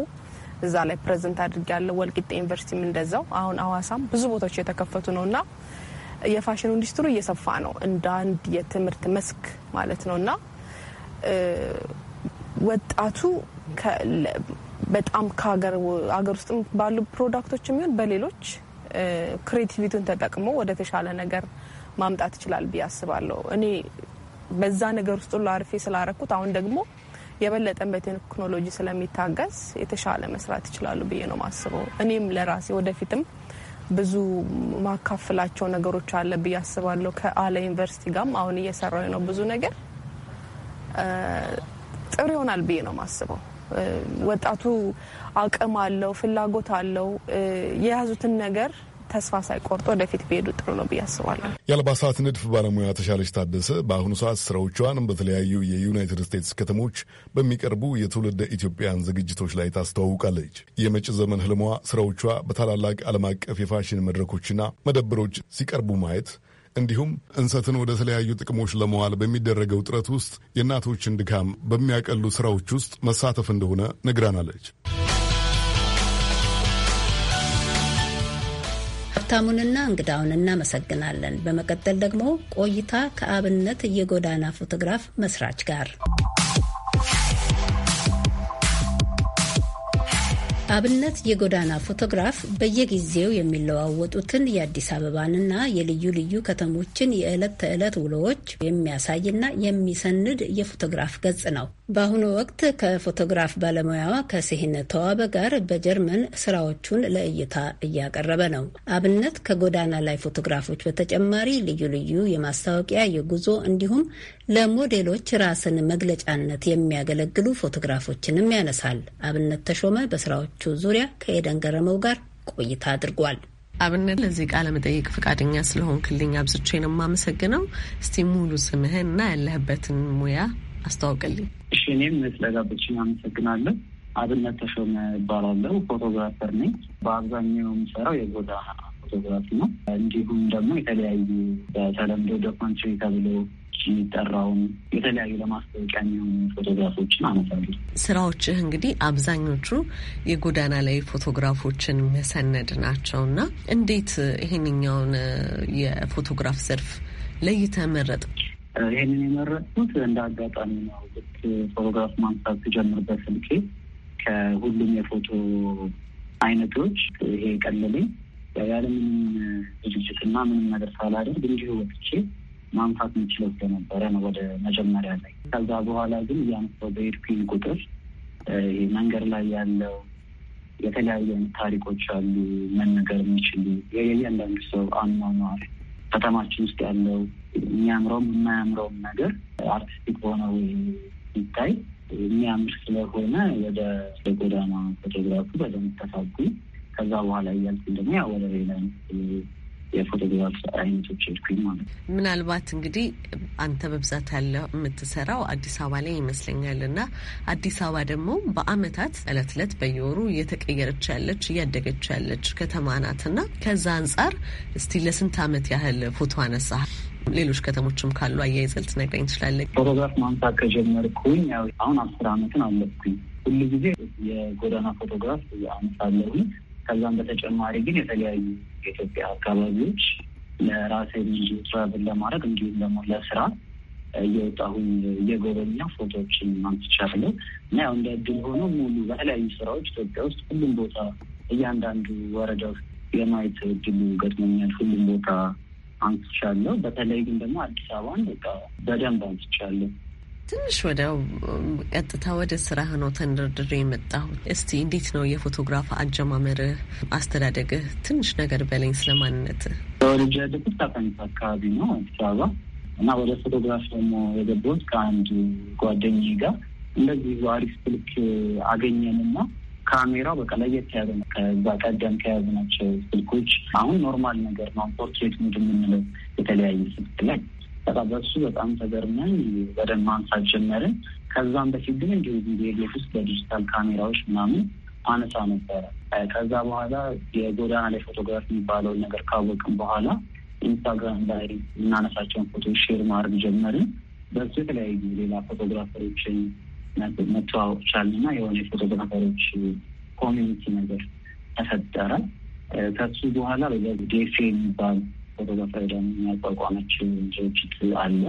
እዛ ላይ ፕሬዘንት አድርጌያለሁ። ወልቂጤ ዩኒቨርሲቲም እንደዛው። አሁን አዋሳም ብዙ ቦታዎች እየተከፈቱ ነው እና የፋሽን ኢንዱስትሪ እየሰፋ ነው እንደ አንድ የትምህርት መስክ ማለት ነው እና ወጣቱ በጣም ከሀገር ውስጥ ባሉ ፕሮዳክቶች የሚሆን በሌሎች ክሬቲቪቲውን ተጠቅሞ ወደ ተሻለ ነገር ማምጣት ይችላል ብዬ አስባለሁ። እኔ በዛ ነገር ውስጥ ሁሉ አርፌ ስላረኩት አሁን ደግሞ የበለጠን በቴክኖሎጂ ስለሚታገዝ የተሻለ መስራት ይችላሉ ብዬ ነው ማስበው። እኔም ለራሴ ወደፊትም ብዙ ማካፍላቸው ነገሮች አለ ብዬ አስባለሁ። ከአለ ዩኒቨርሲቲ ጋርም አሁን እየሰራው ነው ብዙ ነገር ጥሩ ይሆናል ብዬ ነው ማስበው። ወጣቱ አቅም አለው፣ ፍላጎት አለው። የያዙትን ነገር ተስፋ ሳይቆርጥ ወደፊት ቢሄዱ ጥሩ ነው ብዬ አስባለሁ። የአልባሳት ንድፍ ባለሙያ ተሻለች ታደሰ በአሁኑ ሰዓት ስራዎቿን በተለያዩ የዩናይትድ ስቴትስ ከተሞች በሚቀርቡ የትውልደ ኢትዮጵያን ዝግጅቶች ላይ ታስተዋውቃለች። የመጪ ዘመን ህልሟ ስራዎቿ በታላላቅ ዓለም አቀፍ የፋሽን መድረኮችና መደብሮች ሲቀርቡ ማየት እንዲሁም እንሰትን ወደ ተለያዩ ጥቅሞች ለመዋል በሚደረገው ጥረት ውስጥ የእናቶችን ድካም በሚያቀሉ ስራዎች ውስጥ መሳተፍ እንደሆነ ነግራናለች። ሀብታሙንና እንግዳውን እናመሰግናለን። በመቀጠል ደግሞ ቆይታ ከአብነት የጎዳና ፎቶግራፍ መስራች ጋር አብነት የጎዳና ፎቶግራፍ በየጊዜው የሚለዋወጡትን የአዲስ አበባንና የልዩ ልዩ ከተሞችን የዕለት ተዕለት ውሎዎች የሚያሳይና የሚሰንድ የፎቶግራፍ ገጽ ነው። በአሁኑ ወቅት ከፎቶግራፍ ባለሙያዋ ከስሂነት ተዋበ ጋር በጀርመን ስራዎቹን ለእይታ እያቀረበ ነው። አብነት ከጎዳና ላይ ፎቶግራፎች በተጨማሪ ልዩ ልዩ የማስታወቂያ፣ የጉዞ እንዲሁም ለሞዴሎች ራስን መግለጫነት የሚያገለግሉ ፎቶግራፎችንም ያነሳል። አብነት ተሾመ በስራዎቹ ዙሪያ ከኤደን ገረመው ጋር ቆይታ አድርጓል። አብነት ለዚህ ቃለ መጠየቅ ፈቃደኛ ስለሆንክልኝ አብዝቼ ነው የማመሰግነው። እስቲ ሙሉ ስምህን እና ያለህበትን ሙያ አስተዋውቅልኝ። እሺ፣ እኔም ስለጋበዝሽኝ አመሰግናለሁ። አብነት ተሾመ እባላለሁ። ፎቶግራፈር ነኝ። በአብዛኛው የምሰራው የጎዳና ፎቶግራፍ ነው። እንዲሁም ደግሞ የተለያዩ በተለምዶ ዶክመንትሪ ተብሎ የሚጠራውን የተለያዩ ለማስታወቂያ የሚሆኑ ፎቶግራፎችን አመሳሉ። ስራዎችህ እንግዲህ አብዛኞቹ የጎዳና ላይ ፎቶግራፎችን መሰነድ ናቸው እና እንዴት ይሄንኛውን የፎቶግራፍ ዘርፍ ለይተህ መረጥ? ይህንን የመረጥኩት እንደ አጋጣሚ ነው። ልክ ፎቶግራፍ ማንሳት ትጀምርበት ስልኬ ከሁሉም የፎቶ አይነቶች ይሄ ቀለለኝ። ያለምንም ዝግጅት እና ምንም ነገር ሳላደርግ እንዲሁ ወጥቼ ማንሳት የምችለው ስለነበረ ነው ወደ መጀመሪያ ላይ። ከዛ በኋላ ግን እያነሳው በሄድኩኝ ቁጥር መንገድ ላይ ያለው የተለያዩ አይነት ታሪኮች አሉ መነገር የሚችሉ የእያንዳንዱ ሰው አኗኗር ከተማችን ውስጥ ያለው የሚያምረውም የማያምረውም ነገር አርቲስቲክ በሆነ ወይ ሲታይ የሚያምር ስለሆነ ወደ ጎዳና ፎቶግራፉ በደንብ ተሳጉ። ከዛ በኋላ እያልኩኝ ደግሞ ያ ወደ ሌላ የፎቶግራፍ አይነቶች ሄድኩኝ ማለት ነው። ምናልባት እንግዲህ አንተ በብዛት ያለው የምትሰራው አዲስ አበባ ላይ ይመስለኛል እና አዲስ አበባ ደግሞ በአመታት እለት እለት በየወሩ እየተቀየረች ያለች እያደገች ያለች ከተማ ናት እና ከዛ አንጻር እስቲ ለስንት አመት ያህል ፎቶ አነሳሃል? ሌሎች ከተሞችም ካሉ አያይዘህ ልትነግረኝ ትችላለህ? ፎቶግራፍ ማንሳት ከጀመርኩኝ ያው አሁን አስር አመትን አለፍኩኝ። ሁሉ ጊዜ የጎዳና ፎቶግራፍ አነሳለሁኝ። ከዛም በተጨማሪ ግን የተለያዩ የኢትዮጵያ አካባቢዎች ለራሴ እንዲሁ ትራቭል ለማድረግ እንዲሁም ደግሞ ለስራ እየወጣሁኝ እየጎበኛ ፎቶዎችን ማንስቻለሁ እና ያው እንደ እድል ሆኖ ሙሉ በተለያዩ ስራዎች ኢትዮጵያ ውስጥ ሁሉም ቦታ እያንዳንዱ ወረዳ ውስጥ የማየት እድሉ ገጥሞኛል። ሁሉም ቦታ አንስቻለሁ። በተለይ ግን ደግሞ አዲስ አበባን በቃ በደንብ አንስቻለሁ። ትንሽ ወዲያው ቀጥታ ወደ ስራ ነው ተንደርድሬ የመጣሁ እስቲ እንዴት ነው የፎቶግራፍ አጀማመርህ፣ አስተዳደግህ? ትንሽ ነገር በለኝ ስለማንነት። ወልጄ ያደግኩት ታቀኝት አካባቢ ነው አዲስ አበባ እና ወደ ፎቶግራፍ ደግሞ የገባሁት ከአንድ ጓደኛዬ ጋር እንደዚህ አሪፍ ስልክ አገኘንና ካሜራው በቃ ለየት ያለ ከዛ ቀደም ከያዙ ናቸው ስልኮች አሁን ኖርማል ነገር ነው። ፖርትሬት ሙድ የምንለው የተለያየ ስልክ ላይ በቃ በሱ በጣም ተገርመን በደንብ ማንሳት ጀመርን። ከዛም በፊት ግን እንዲሁ ቤት ውስጥ በዲጂታል ካሜራዎች ምናምን አነሳ ነበረ። ከዛ በኋላ የጎዳና ላይ ፎቶግራፍ የሚባለውን ነገር ካወቅም በኋላ ኢንስታግራም ላይ የምናነሳቸውን ፎቶ ሼር ማድረግ ጀመርን። በሱ የተለያዩ ሌላ ፎቶግራፈሮችን መተዋወቅ ቻልን የሆነ የፎቶግራፈሮች ኮሚኒቲ ነገር ተፈጠረ። ከሱ በኋላ ዴፌ የሚባል ፎቶግራፈር ደግሞ የሚያቋቋመችው ድርጅት አለ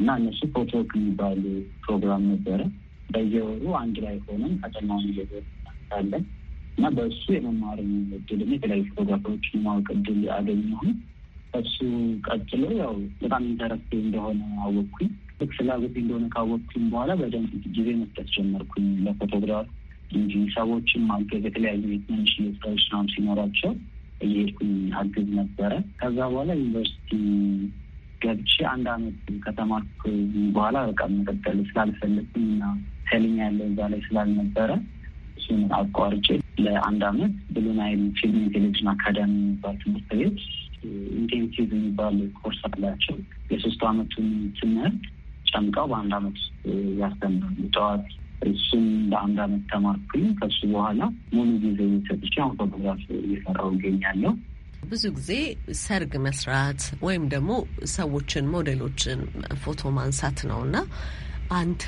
እና እነሱ ፎቶክ የሚባሉ ፕሮግራም ነበረ። በየወሩ አንድ ላይ ሆነን ከተማውን እየዘለን እና በእሱ የመማር እድል የተለያዩ ፎቶግራፈሮች የማወቅ እድል አገኘሁኝ። ከሱ ቀጥሎ ያው በጣም ኢንተረስቲ እንደሆነ አወቅኩኝ። ልክ ፍላጎት እንደሆነ ካወቅኩኝ በኋላ በደንብ ጊዜ መስጠት ጀመርኩኝ ለፎቶግራፍ እንጂ ሰዎችን ማገዝ የተለያዩ የትንሽ የስራዎች ናም ሲኖራቸው እየሄድኩኝ አግዝ ነበረ። ከዛ በኋላ ዩኒቨርሲቲ ገብቼ አንድ አመት ከተማርኩ በኋላ በቃ መቀጠል ስላልፈለግኩኝ እና ሰልኛ ያለው እዛ ላይ ስላልነበረ እሱን አቋርጬ ለአንድ አመት ብሉ ናይል ፊልም ቴሌቪዥን አካዳሚ የሚባል ትምህርት ቤት ኢንቴንሲቭ የሚባል ኮርስ አላቸው። የሶስቱ አመቱን ትምህርት ጨምቀው በአንድ አመት ያስተምራሉ። ጠዋት እሱም በአንድ አመት ተማርኩኝ። ከሱ በኋላ ሙሉ ጊዜ ሰጥቼ አሁን ፎቶግራፍ እየሰራው ይገኛለሁ። ብዙ ጊዜ ሰርግ መስራት ወይም ደግሞ ሰዎችን ሞዴሎችን ፎቶ ማንሳት ነው እና አንተ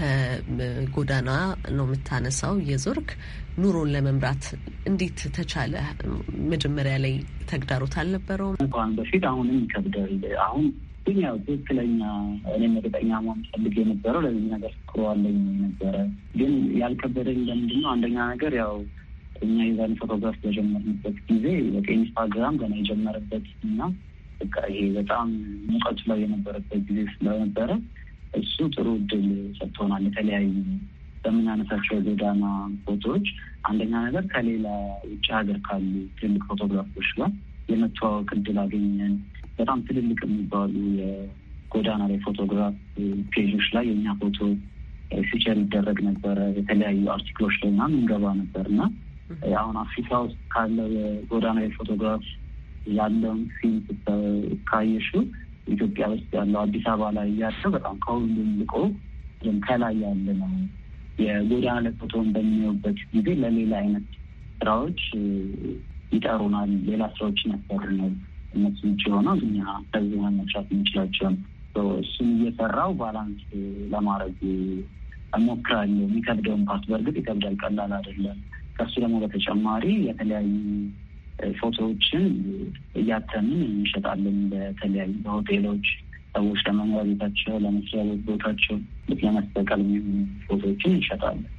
ጎዳና ነው የምታነሳው የዞርክ ኑሮን ለመምራት እንዴት ተቻለ? መጀመሪያ ላይ ተግዳሮት አልነበረውም? እንኳን በፊት አሁንም ይከብዳል። አሁን ግን ያው ትክክለኛ እኔም እርግጠኛ መሆን ፈልግ የነበረው ለዚህ ነገር ፍቅሮ አለኝ ነበረ። ግን ያልከበደኝ ለምንድን ነው? አንደኛ ነገር ያው እኛ የዛን ፎቶግራፍ በጀመርንበት ጊዜ በቃ ኢንስታግራም ገና የጀመረበት እና በቃ ይሄ በጣም ሙቀቱ ላይ የነበረበት ጊዜ ስለነበረ እሱ ጥሩ እድል ሰጥቶናል። የተለያዩ በምናነሳቸው የጎዳና ፎቶዎች አንደኛ ነገር ከሌላ ውጭ ሀገር ካሉ ትልቅ ፎቶግራፎች ጋር የመተዋወቅ እድል አገኘን። በጣም ትልልቅ የሚባሉ የጎዳና ላይ ፎቶግራፍ ፔጆች ላይ የኛ ፎቶ ፊቸር ይደረግ ነበረ። የተለያዩ አርቲክሎች ላይ ምናምን እንገባ ነበር እና አሁን አፍሪካ ውስጥ ካለው የጎዳና ላይ ፎቶግራፍ ያለውን ፊልም ካየሹ ኢትዮጵያ ውስጥ ያለው አዲስ አበባ ላይ ያለው በጣም ከሁሉም ልቆ ከላይ ያለ ነው። የጎዳና ላይ ፎቶን በሚያዩበት ጊዜ ለሌላ አይነት ስራዎች ይጠሩናል። ሌላ ስራዎች ነበር ነው ከመስዋዕትነት ውጭ የሆነው እኛ ከዚህ መመሻት የምንችላቸውን እሱን እየሰራው ባላንስ ለማድረግ እሞክራለሁ። የሚከብደውን ፓርት በእርግጥ ይከብዳል፣ ቀላል አይደለም። ከሱ ደግሞ በተጨማሪ የተለያዩ ፎቶዎችን እያተምን እንሸጣለን። በተለያዩ በሆቴሎች ሰዎች ለመኖሪያ ቤታቸው፣ ለመስሪያ ቤት ቦታቸው ልክ ለመስጠቀል የሚሆኑ ፎቶዎችን እንሸጣለን።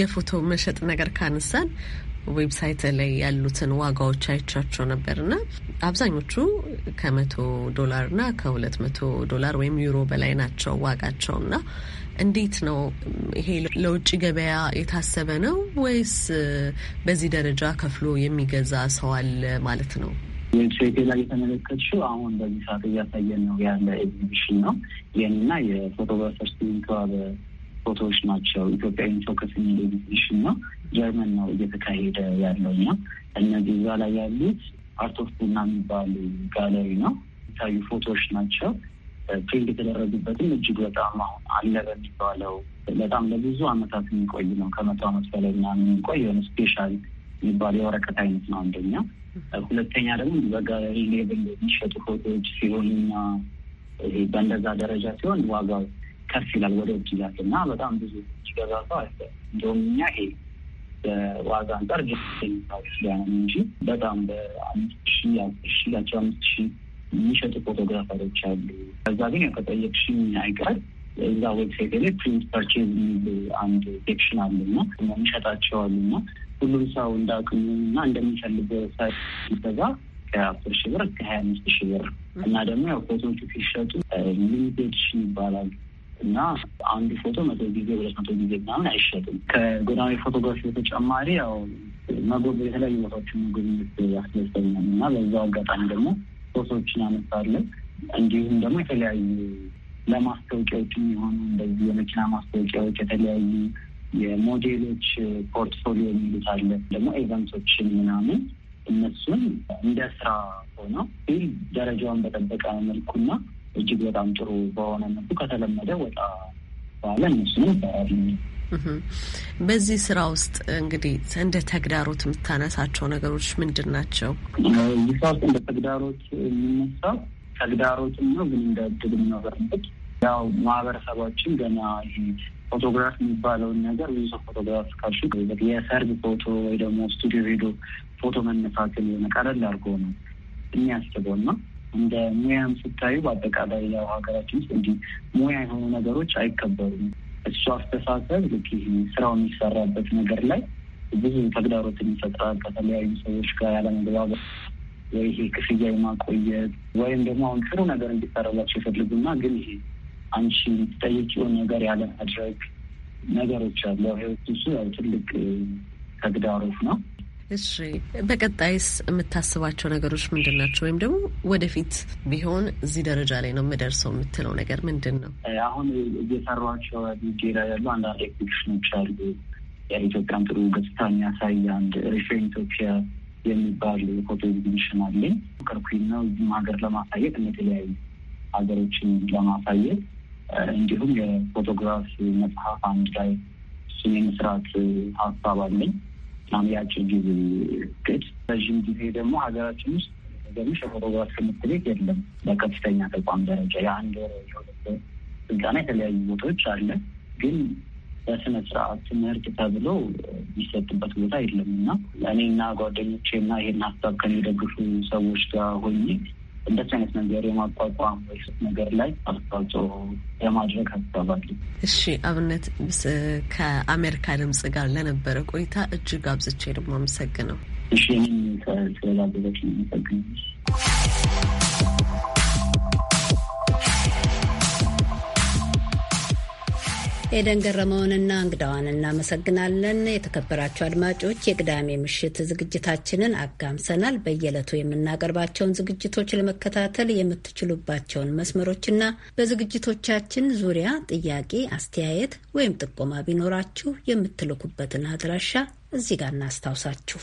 የፎቶ መሸጥ ነገር ካነሳን ዌብሳይት ላይ ያሉትን ዋጋዎች አይቻቸው ነበር ነበርና አብዛኞቹ ከመቶ ዶላር ዶላርና ከሁለት መቶ ዶላር ወይም ዩሮ በላይ ናቸው ዋጋቸው ዋጋቸውና እንዴት ነው ይሄ ለውጭ ገበያ የታሰበ ነው ወይስ በዚህ ደረጃ ከፍሎ የሚገዛ ሰው አለ ማለት ነው? ዌብሳይት ላይ የተመለከትሽው አሁን በዚህ ሰዓት እያሳየን ነው ያለ ኤግዚቢሽን ነው። ይህንና የፎቶግራፈርስ ሚንተባበ ፎቶዎች ናቸው። ኢትዮጵያን ፎከስ የሚል ኤግዚቢሽን ነው። ጀርመን ነው እየተካሄደ ያለው እና እነዚህ እዛ ላይ ያሉት አርት ኦፍ ቡና የሚባሉ ጋለሪ ነው የሚታዩ ፎቶዎች ናቸው። ፕሪንት የተደረጉበትም እጅግ በጣም አሁን አለ በሚባለው በጣም ለብዙ አመታት የሚቆይ ነው። ከመቶ አመት በላይ ምናምን የሚቆይ የሆነ ስፔሻል የሚባል የወረቀት አይነት ነው አንደኛ። ሁለተኛ ደግሞ በጋለሪ ሌብል የሚሸጡ ፎቶዎች ሲሆንና በእንደዛ ደረጃ ሲሆን ዋጋው ከፍ ይላል ወደ ውጭ ይላል እና በጣም ብዙ ገዛ ሰው አለ። እንደውም እኛ ይሄ በዋጋ አንጻር ሊሆነ እንጂ በጣም በአምስት ሺ አስር ሺ ያቸው አምስት ሺ የሚሸጡ ፎቶግራፈሮች አሉ። ከዛ ግን ከጠየቅሽኝ አይቀር እዛ ዌብሳይት ላይ ፕሪንት ፐርቼዝ የሚል አንድ ሴክሽን አለና የሚሸጣቸው አሉና ሁሉም ሰው እንዳቅሙ እና እንደሚፈልገው ሳይገዛ ከአስር ሺ ብር እስከ ሀያ አምስት ሺ ብር እና ደግሞ ያው ፎቶዎቹ ሲሸጡ ሊሚቴድ ይባላሉ እና አንድ ፎቶ መቶ ጊዜ ሁለት መቶ ጊዜ ምናምን አይሸጥም። ከጎዳዊ ፎቶግራፊ በተጨማሪ ያው መጎብ የተለያዩ ቦታዎችን መጎብኘት ያስደስተኛል እና በዛው አጋጣሚ ደግሞ ፎቶዎችን አነሳለን። እንዲሁም ደግሞ የተለያዩ ለማስታወቂያዎች የሚሆኑ እንደዚህ የመኪና ማስታወቂያዎች፣ የተለያዩ የሞዴሎች ፖርትፎሊዮ የሚሉት አለ ደግሞ ኤቨንቶችን ምናምን እነሱን እንደ ስራ ሆነው ፊልድ ደረጃውን በጠበቀ መልኩና እጅግ በጣም ጥሩ በሆነ መልኩ ከተለመደ ወጣ ባለ እነሱንም ይባላል። በዚህ ስራ ውስጥ እንግዲህ እንደ ተግዳሮት የምታነሳቸው ነገሮች ምንድን ናቸው? ይህ ስራ ውስጥ እንደ ተግዳሮት የሚነሳው ተግዳሮትም ነው ግን እንደ እድልም ነው። በእርግጥ ያው ማህበረሰባችን ገና ይሄ ፎቶግራፍ የሚባለውን ነገር ብዙ ሰው ፎቶግራፍ ካልሽ የሰርግ ፎቶ ወይ ደግሞ ስቱዲዮ ሄዶ ፎቶ መነሳትን የሆነ ቀለል አድርጎ ነው የሚያስበው እና እንደ ሙያም ስታዩ በአጠቃላይ ያው ሀገራችን ውስጥ እንዲህ ሙያ የሆኑ ነገሮች አይከበሩም። እሱ አስተሳሰብ ልክ ይሄ ስራው የሚሰራበት ነገር ላይ ብዙ ተግዳሮትን ይፈጥራል። ከተለያዩ ሰዎች ጋር ያለመግባባት ወይ ይሄ ክፍያ የማቆየት ወይም ደግሞ አሁን ጥሩ ነገር እንዲሰራላቸው ይፈልጉና ግን ይሄ አንቺ የምትጠይቂውን ነገር ያለማድረግ ነገሮች አለው። ህይወት እሱ ያው ትልቅ ተግዳሮት ነው። እሺ በቀጣይስ የምታስባቸው ነገሮች ምንድን ናቸው? ወይም ደግሞ ወደፊት ቢሆን እዚህ ደረጃ ላይ ነው የምደርሰው የምትለው ነገር ምንድን ነው? አሁን እየሰሯቸው ዲጌራ ያሉ አንዳንድ ኤግዚቢሽኖች አሉ። የኢትዮጵያን ጥሩ ገጽታ የሚያሳይ አንድ ሪፍሬን ኢትዮጵያ የሚባል ፎቶ ኤግዚቢሽን አለኝ። ከርኩኝ ነው እዚህም ሀገር ለማሳየት የተለያዩ ሀገሮችን ለማሳየት እንዲሁም የፎቶግራፍ መጽሐፍ አንድ ላይ እሱን የመስራት ሀሳብ አለኝ። በጣም የአጭር ጊዜ እቅድ፣ ረዥም ጊዜ ደግሞ ሀገራችን ውስጥ ገሚሽ የፎቶግራፍ ትምህርት ቤት የለም። በከፍተኛ ተቋም ደረጃ የአንድ ወር የሁለት ወር ስልጠና የተለያዩ ቦታዎች አለ፣ ግን በስነ ስርዓት ትምህርት ተብሎ የሚሰጥበት ቦታ የለም እና እኔና ጓደኞቼ እና ይሄን ሀሳብ ከሚደግፉ ሰዎች ጋር ሆኜ እንደዚህ አይነት ነገር የማቋቋም ወይሱት ነገር ላይ አስተዋጽኦ የማድረግ ሀሳብ እሺ አብነት፣ ከአሜሪካ ድምጽ ጋር ለነበረ ቆይታ እጅግ አብዝቼ ደግሞ አመሰግነው። እሺ እኔም ስለጋበዛችን አመሰግናለሁ። ኤደን ገረመውንና እንግዳዋን እናመሰግናለን። የተከበራቸው አድማጮች የቅዳሜ ምሽት ዝግጅታችንን አጋምሰናል። በየዕለቱ የምናቀርባቸውን ዝግጅቶች ለመከታተል የምትችሉባቸውን መስመሮችና በዝግጅቶቻችን ዙሪያ ጥያቄ፣ አስተያየት ወይም ጥቆማ ቢኖራችሁ የምትልኩበትን አድራሻ እዚህ ጋር እናስታውሳችሁ።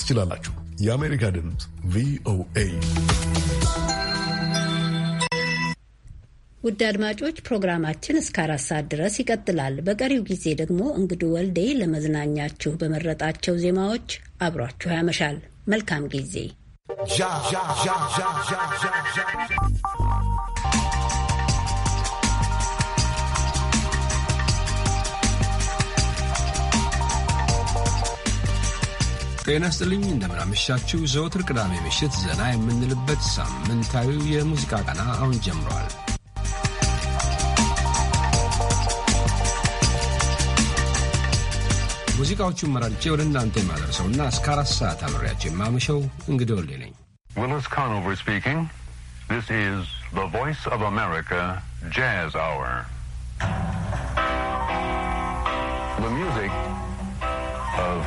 ትችላላችሁ። የአሜሪካ ድምፅ ቪኦኤ። ውድ አድማጮች ፕሮግራማችን እስከ አራት ሰዓት ድረስ ይቀጥላል። በቀሪው ጊዜ ደግሞ እንግዱ ወልዴ ለመዝናኛችሁ በመረጣቸው ዜማዎች አብሯችሁ ያመሻል። መልካም ጊዜ። ጤና ስጥልኝ እንደምናመሻችሁ። ዘወትር ቅዳሜ ምሽት ዘና የምንልበት ሳምንታዊው የሙዚቃ ቀና አሁን ጀምረዋል። ሙዚቃዎቹን መራርጬ ወደ እናንተ እና እስከ አራት ሰዓት አብሬያቸው የማመሸው እንግዲህ ወልዴ ነኝ። ዊልስ ካኖቨር ስፒኪንግ ዚስ ኢዝ ዘ ቮይስ ኦፍ አሜሪካ ጃዝ አወር The music of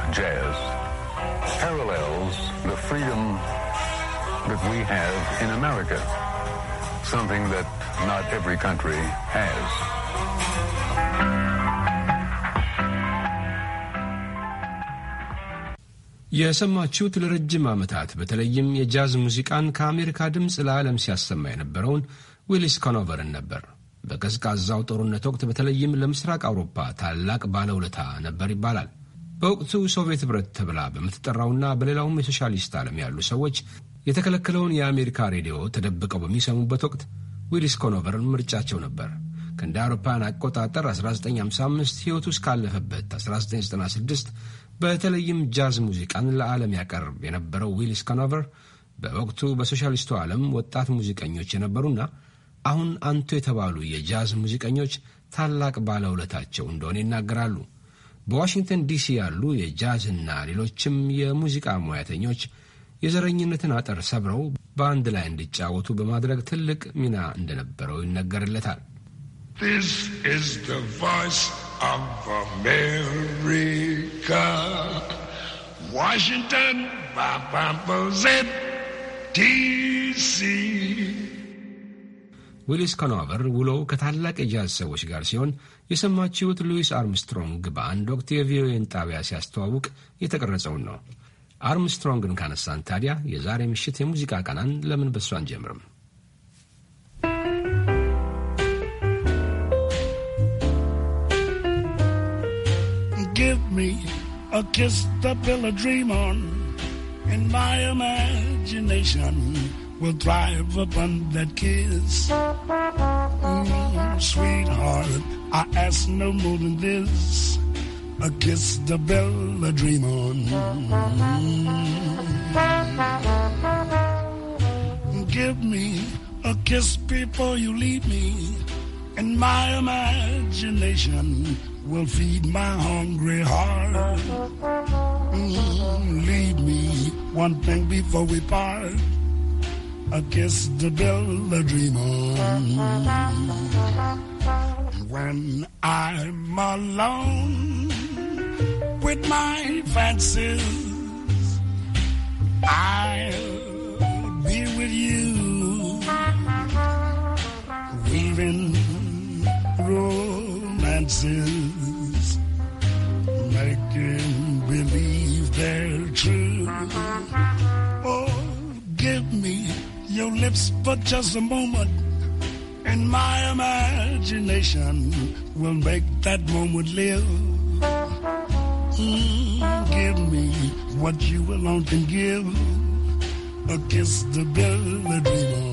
parallels the freedom that we have in America, something that not every country has. የሰማችሁት ለረጅም ዓመታት በተለይም የጃዝ ሙዚቃን ከአሜሪካ ድምፅ ለዓለም ሲያሰማ የነበረውን ዊሊስ ኮኖቨርን ነበር። በቀዝቃዛው ጦርነት ወቅት በተለይም ለምስራቅ አውሮፓ ታላቅ ባለውለታ ነበር ይባላል። በወቅቱ ሶቪየት ህብረት ተብላ በምትጠራውና በሌላውም የሶሻሊስት ዓለም ያሉ ሰዎች የተከለከለውን የአሜሪካ ሬዲዮ ተደብቀው በሚሰሙበት ወቅት ዊሊስ ኮኖቨር ምርጫቸው ነበር። ከእንደ አውሮፓውያን አቆጣጠር 1955 ሕይወቱ እስካለፈበት 1996 በተለይም ጃዝ ሙዚቃን ለዓለም ያቀርብ የነበረው ዊሊስ ኮኖቨር በወቅቱ በሶሻሊስቱ ዓለም ወጣት ሙዚቀኞች የነበሩና አሁን አንቱ የተባሉ የጃዝ ሙዚቀኞች ታላቅ ባለውለታቸው እንደሆነ ይናገራሉ። በዋሽንግተን ዲሲ ያሉ የጃዝና ሌሎችም የሙዚቃ ሙያተኞች የዘረኝነትን አጥር ሰብረው በአንድ ላይ እንዲጫወቱ በማድረግ ትልቅ ሚና እንደነበረው ይነገርለታል። ዋሽንግተን ዊሊስ ኮኖቨር ውሎው ከታላቅ የጃዝ ሰዎች ጋር ሲሆን የሰማችሁት ሉዊስ አርምስትሮንግ በአንድ ወቅት የቪኦኤን ጣቢያ ሲያስተዋውቅ የተቀረጸውን ነው። አርምስትሮንግን ካነሳን ታዲያ የዛሬ ምሽት የሙዚቃ ቃናን ለምን በሱ አንጀምርም? Give me a kiss to build a dream on in my imagination will thrive upon that kiss. Mm, sweetheart, I ask no more than this. A kiss the bell, a dream on. Mm. Give me a kiss before you leave me, and my imagination will feed my hungry heart. Mm, leave me one thing before we part a kiss to build a dream on. When I'm alone with my fancies, I'll be with you, weaving romances, making believe they're true. your lips for just a moment, and my imagination will make that moment live. Mm, give me what you alone can give, a kiss to build a dream on.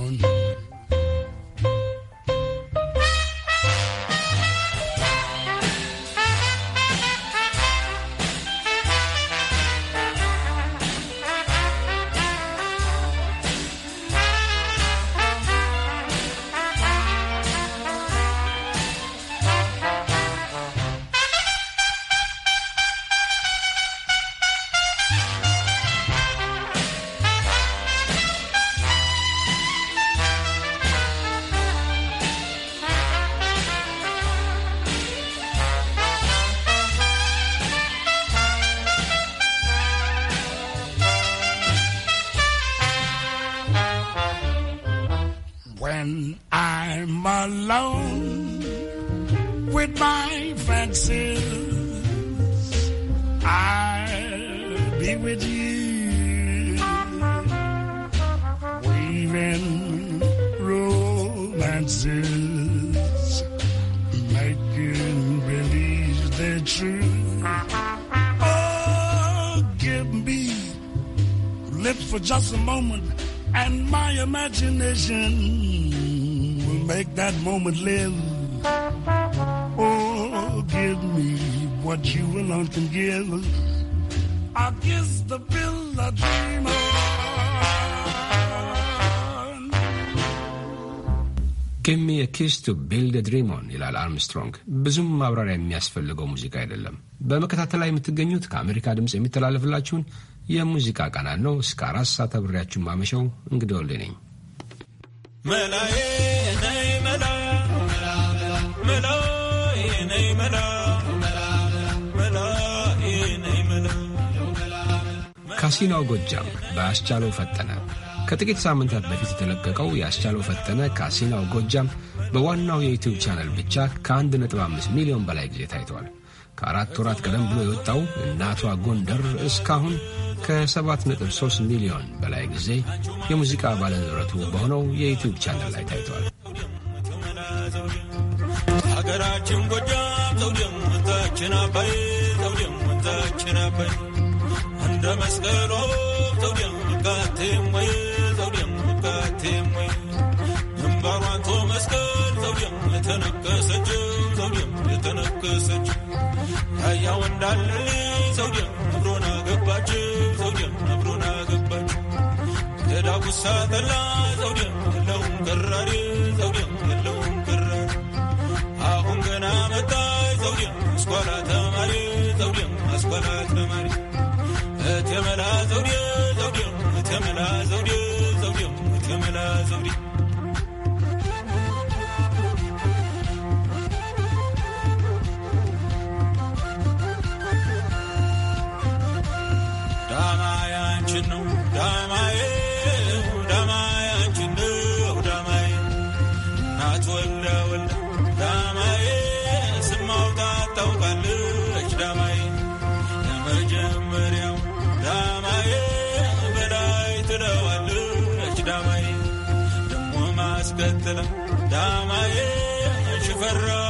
ጊሚ ኪስ ቱ ቢልድ ድሪሞን ይላል አርምስትሮንግ። ብዙም ማብራሪያ የሚያስፈልገው ሙዚቃ አይደለም። በመከታተል ላይ የምትገኙት ከአሜሪካ ድምፅ የሚተላለፍላችሁን የሙዚቃ ቃናን ነው። እስከ አራት ሰዓት አብሬያችሁን ማመሻው እንግዲህ ነኝ። ካሲናው ጎጃም በአስቻለው ፈጠነ ከጥቂት ሳምንታት በፊት የተለቀቀው የአስቻለው ፈጠነ ካሲናው ጎጃም በዋናው የዩቲዩብ ቻናል ብቻ ከ1.5 ሚሊዮን በላይ ጊዜ ታይተዋል። ከአራት ወራት ቀደም ብሎ የወጣው እናቷ ጎንደር እስካሁን ከ7.3 ሚሊዮን በላይ ጊዜ የሙዚቃ ባለንብረቱ በሆነው የዩቲዩብ ቻናል ላይ ታይተዋል። ሀገራችን ጎጃም ተውደምታችን አባይ ተውደምታችን አባይ እንደ መስቀል ወይ መስቀል ዘውዲያ የተነቀሰችው ዘውዲያ የተነቀሰችው ታያ ወንዳለልኝ ዘውዲያ አብሮና ገባችው ዘውዲያ አብሮና ገባችው የዳጉሳ ጠላ ዘውዲያ የለውም ከራሪ ዘውዲያ የለውም ከራሪ አሁን ገና መጣ ዘውዲያ አስኳላ ተማሪ ዘውዲያ አስኳላ ተማሪ እቴመላ ዘውዲያ ዘውዲያ እቴመላ ዘውዴ ዘውዲያ እቴመላ ዘውዴ دمای شفرا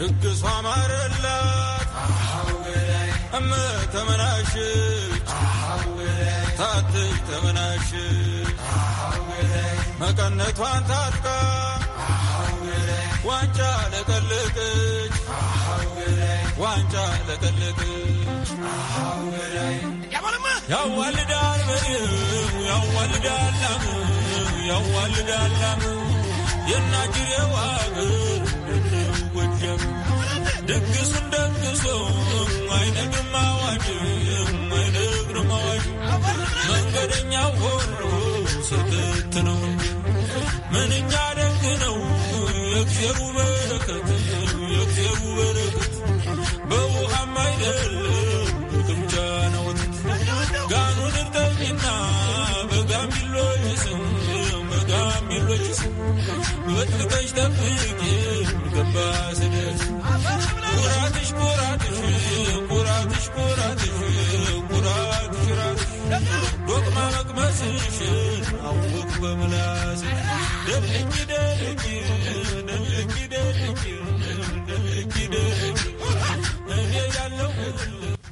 ድግሷ ማረላት እመ ተመናሽች ታትሽ ተመናሽ መቀነቷን ታጥቃ ዋንጫ ለቀለቀች ዋንጫ ለቀለቀች ያዋልዳል ያዋልዳል ያዋልዳል የናጅሬ ድግሱን ደግሶ አይነግም አዋጅ አይነግርም አዋጅ መንገደኛው ሁሉ ስርክት ነው። ምንኛ ደግ ነው የእግዜሩ በረከት የእግዜሩ በረከት በውሃም አይደለም ቅምጫ ነው ጋኑን እርጠኝና በጋምቢሎች ስም በጋምቢሎች ስም በጥልቀሽ ጠብቄ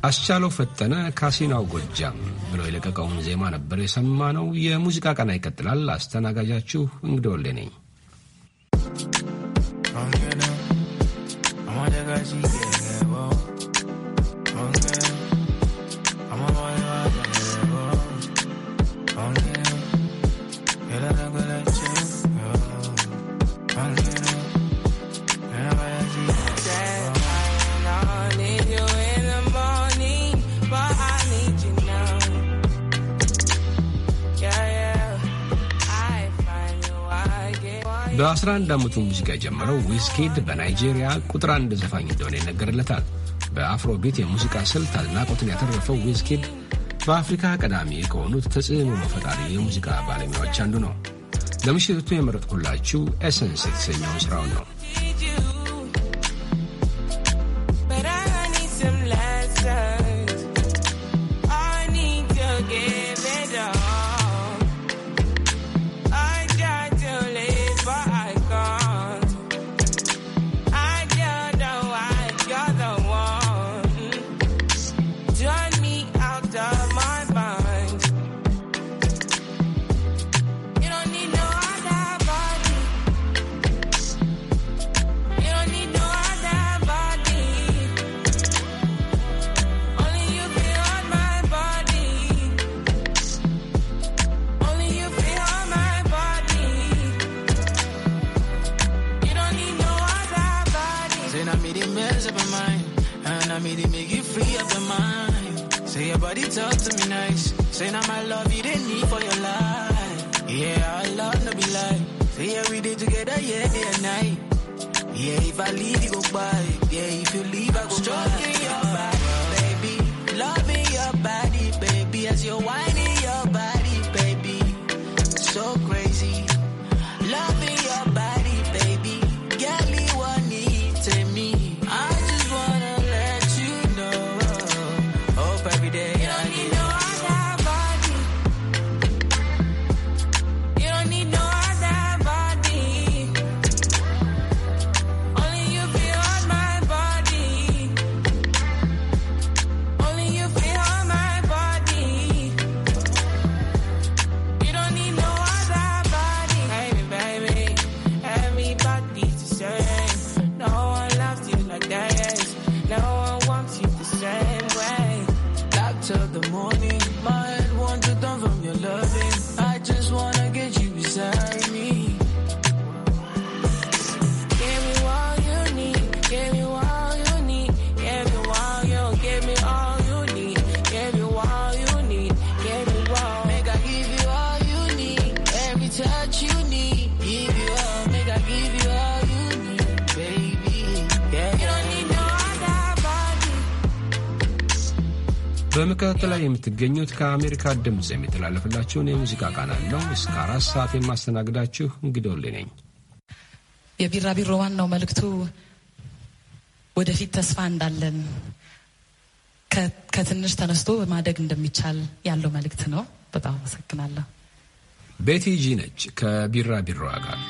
አስቻለው ፈጠነ ካሲናው ጎጃም ብሎ የለቀቀውን ዜማ ነበር የሰማ ነው። የሙዚቃ ቀና ይቀጥላል። አስተናጋጃችሁ እንግዳ ወልዴ ነኝ። በ11 ዓመቱ ሙዚቃ የጀመረው ዊዝኪድ በናይጄሪያ ቁጥር አንድ ዘፋኝ እንደሆነ ይነገርለታል። በአፍሮቢት የሙዚቃ ስልት አድናቆትን ያተረፈው ዊዝኪድ በአፍሪካ ቀዳሚ ከሆኑት ተጽዕኖ መፈጣሪ የሙዚቃ ባለሙያዎች አንዱ ነው። ለምሽቱ የመረጥኩላችሁ ኤሰንስ የተሰኘውን ሥራውን ነው። በመከታተል ላይ የምትገኙት ከአሜሪካ ድምፅ የሚተላለፍላችሁን የሙዚቃ ቃናን ነው። እስከ አራት ሰዓት የማስተናግዳችሁ እንግዲህ ነኝ። የቢራቢሮ ዋናው መልእክቱ ወደፊት ተስፋ እንዳለን ከትንሽ ተነስቶ ማደግ እንደሚቻል ያለው መልእክት ነው። በጣም አመሰግናለሁ። ቤቲ ጂ ነች ከቢራቢሮ ጋር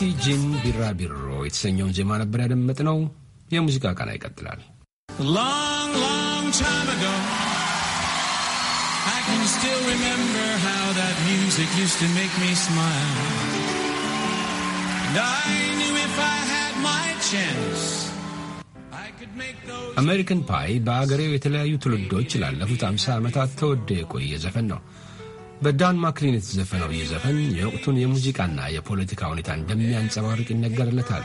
ሚቲ ጂን ቢራቢሮ የተሰኘውን ዜማ ነበር ነው የሙዚቃ ቀና ይቀጥላል። still remember how that music used to make me smile and i አሜሪካን ፓይ በአገሬው የተለያዩ ትውልዶች ላለፉት አምሳ ዓመታት ተወደ የቆየ ዘፈን ነው። በዳን ማክሊን የተዘፈነው ይህ ዘፈን የወቅቱን የሙዚቃና የፖለቲካ ሁኔታ እንደሚያንጸባርቅ ይነገርለታል።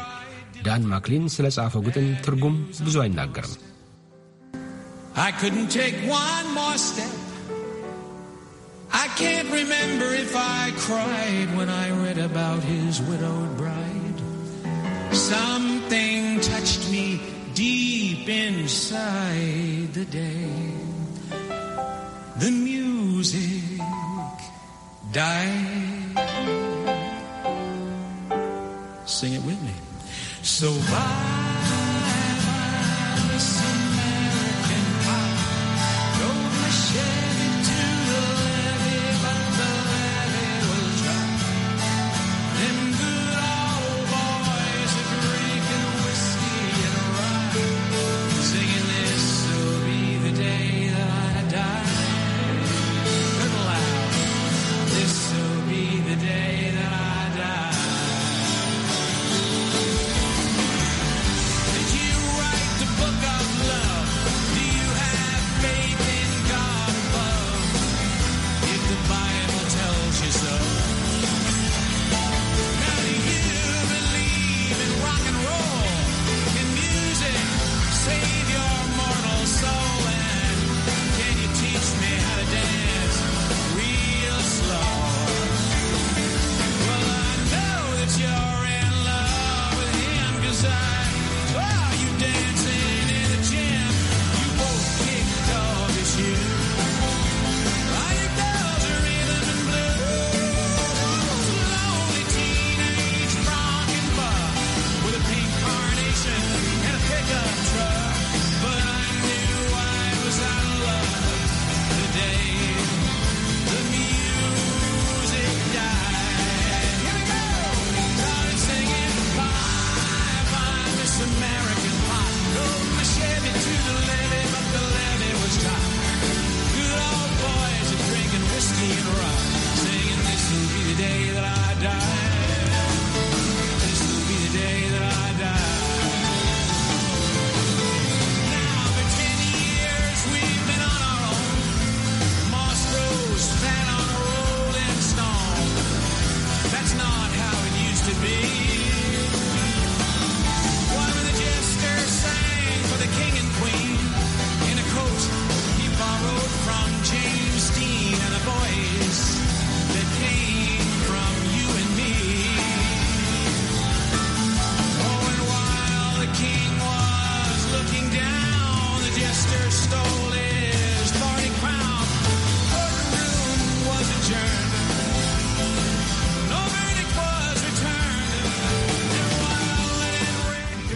ዳን ማክሊን ስለ ጻፈው ግጥም ትርጉም ብዙ አይናገርም። I couldn't take one more step. I can't remember if I cried when I read about his widowed bride. Something touched me deep inside the day. The music. die. Sing it with me. So bye, bye,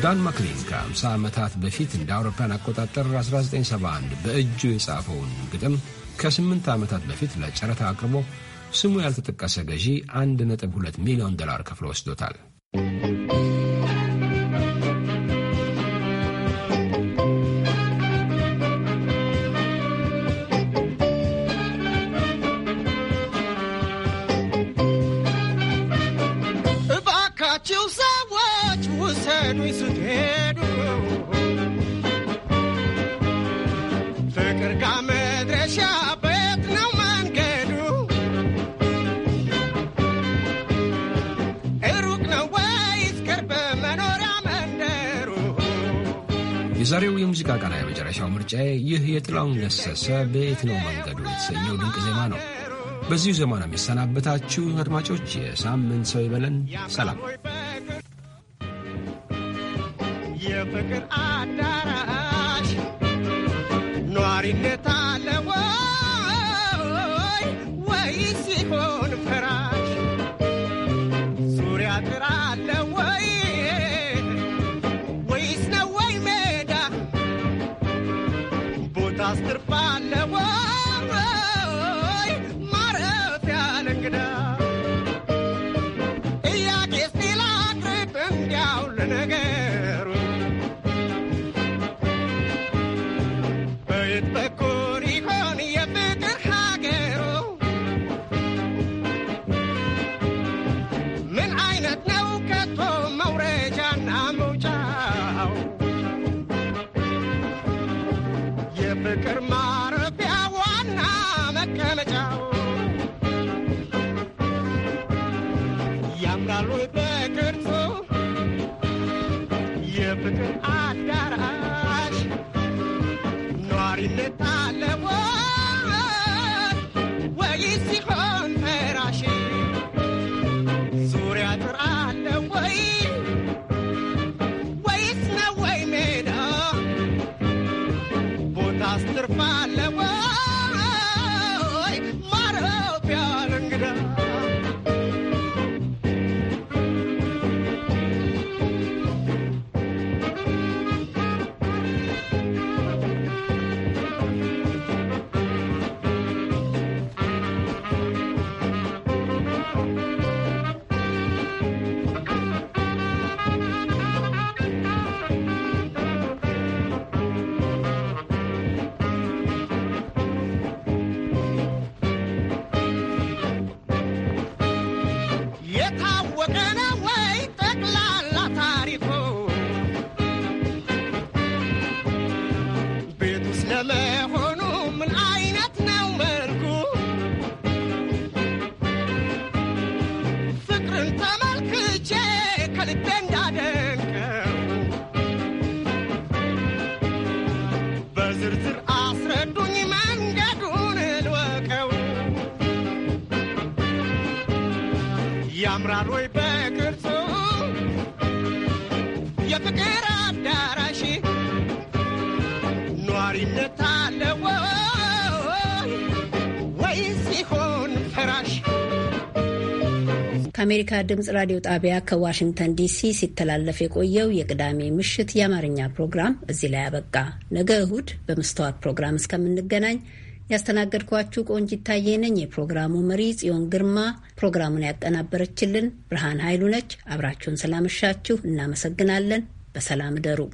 ዳን ማክሊን ከ50 ዓመታት በፊት እንደ አውሮፓን አቆጣጠር 1971 በእጁ የጻፈውን ግጥም ከ8 ዓመታት በፊት ለጨረታ አቅርቦ ስሙ ያልተጠቀሰ ገዢ 1.2 ሚሊዮን ዶላር ከፍሎ ወስዶታል። የሙዚቃ ቃና የመጨረሻው ምርጫዬ ይህ የጥላውን ገሰሰ በየት ነው መንገዱ የተሰኘው ድንቅ ዜማ ነው። በዚሁ ዜማ ነው የሚሰናበታችሁ አድማጮች። የሳምንት ሰው ይበለን። ሰላም። ያምራል ወይ በቅርጹ የፍቅር አዳራሽ ኗሪነት አለው ወይ ሲሆን ፍራሽ? ከአሜሪካ ድምፅ ራዲዮ ጣቢያ ከዋሽንግተን ዲሲ ሲተላለፍ የቆየው የቅዳሜ ምሽት የአማርኛ ፕሮግራም እዚህ ላይ አበቃ። ነገ እሁድ በመስተዋት ፕሮግራም እስከምንገናኝ ያስተናገድኳችሁ ቆንጅ ይታየ ነኝ። የፕሮግራሙ መሪ ጽዮን ግርማ፣ ፕሮግራሙን ያቀናበረችልን ብርሃን ኃይሉ ነች። አብራችሁን ስላመሻችሁ እናመሰግናለን። በሰላም እደሩ።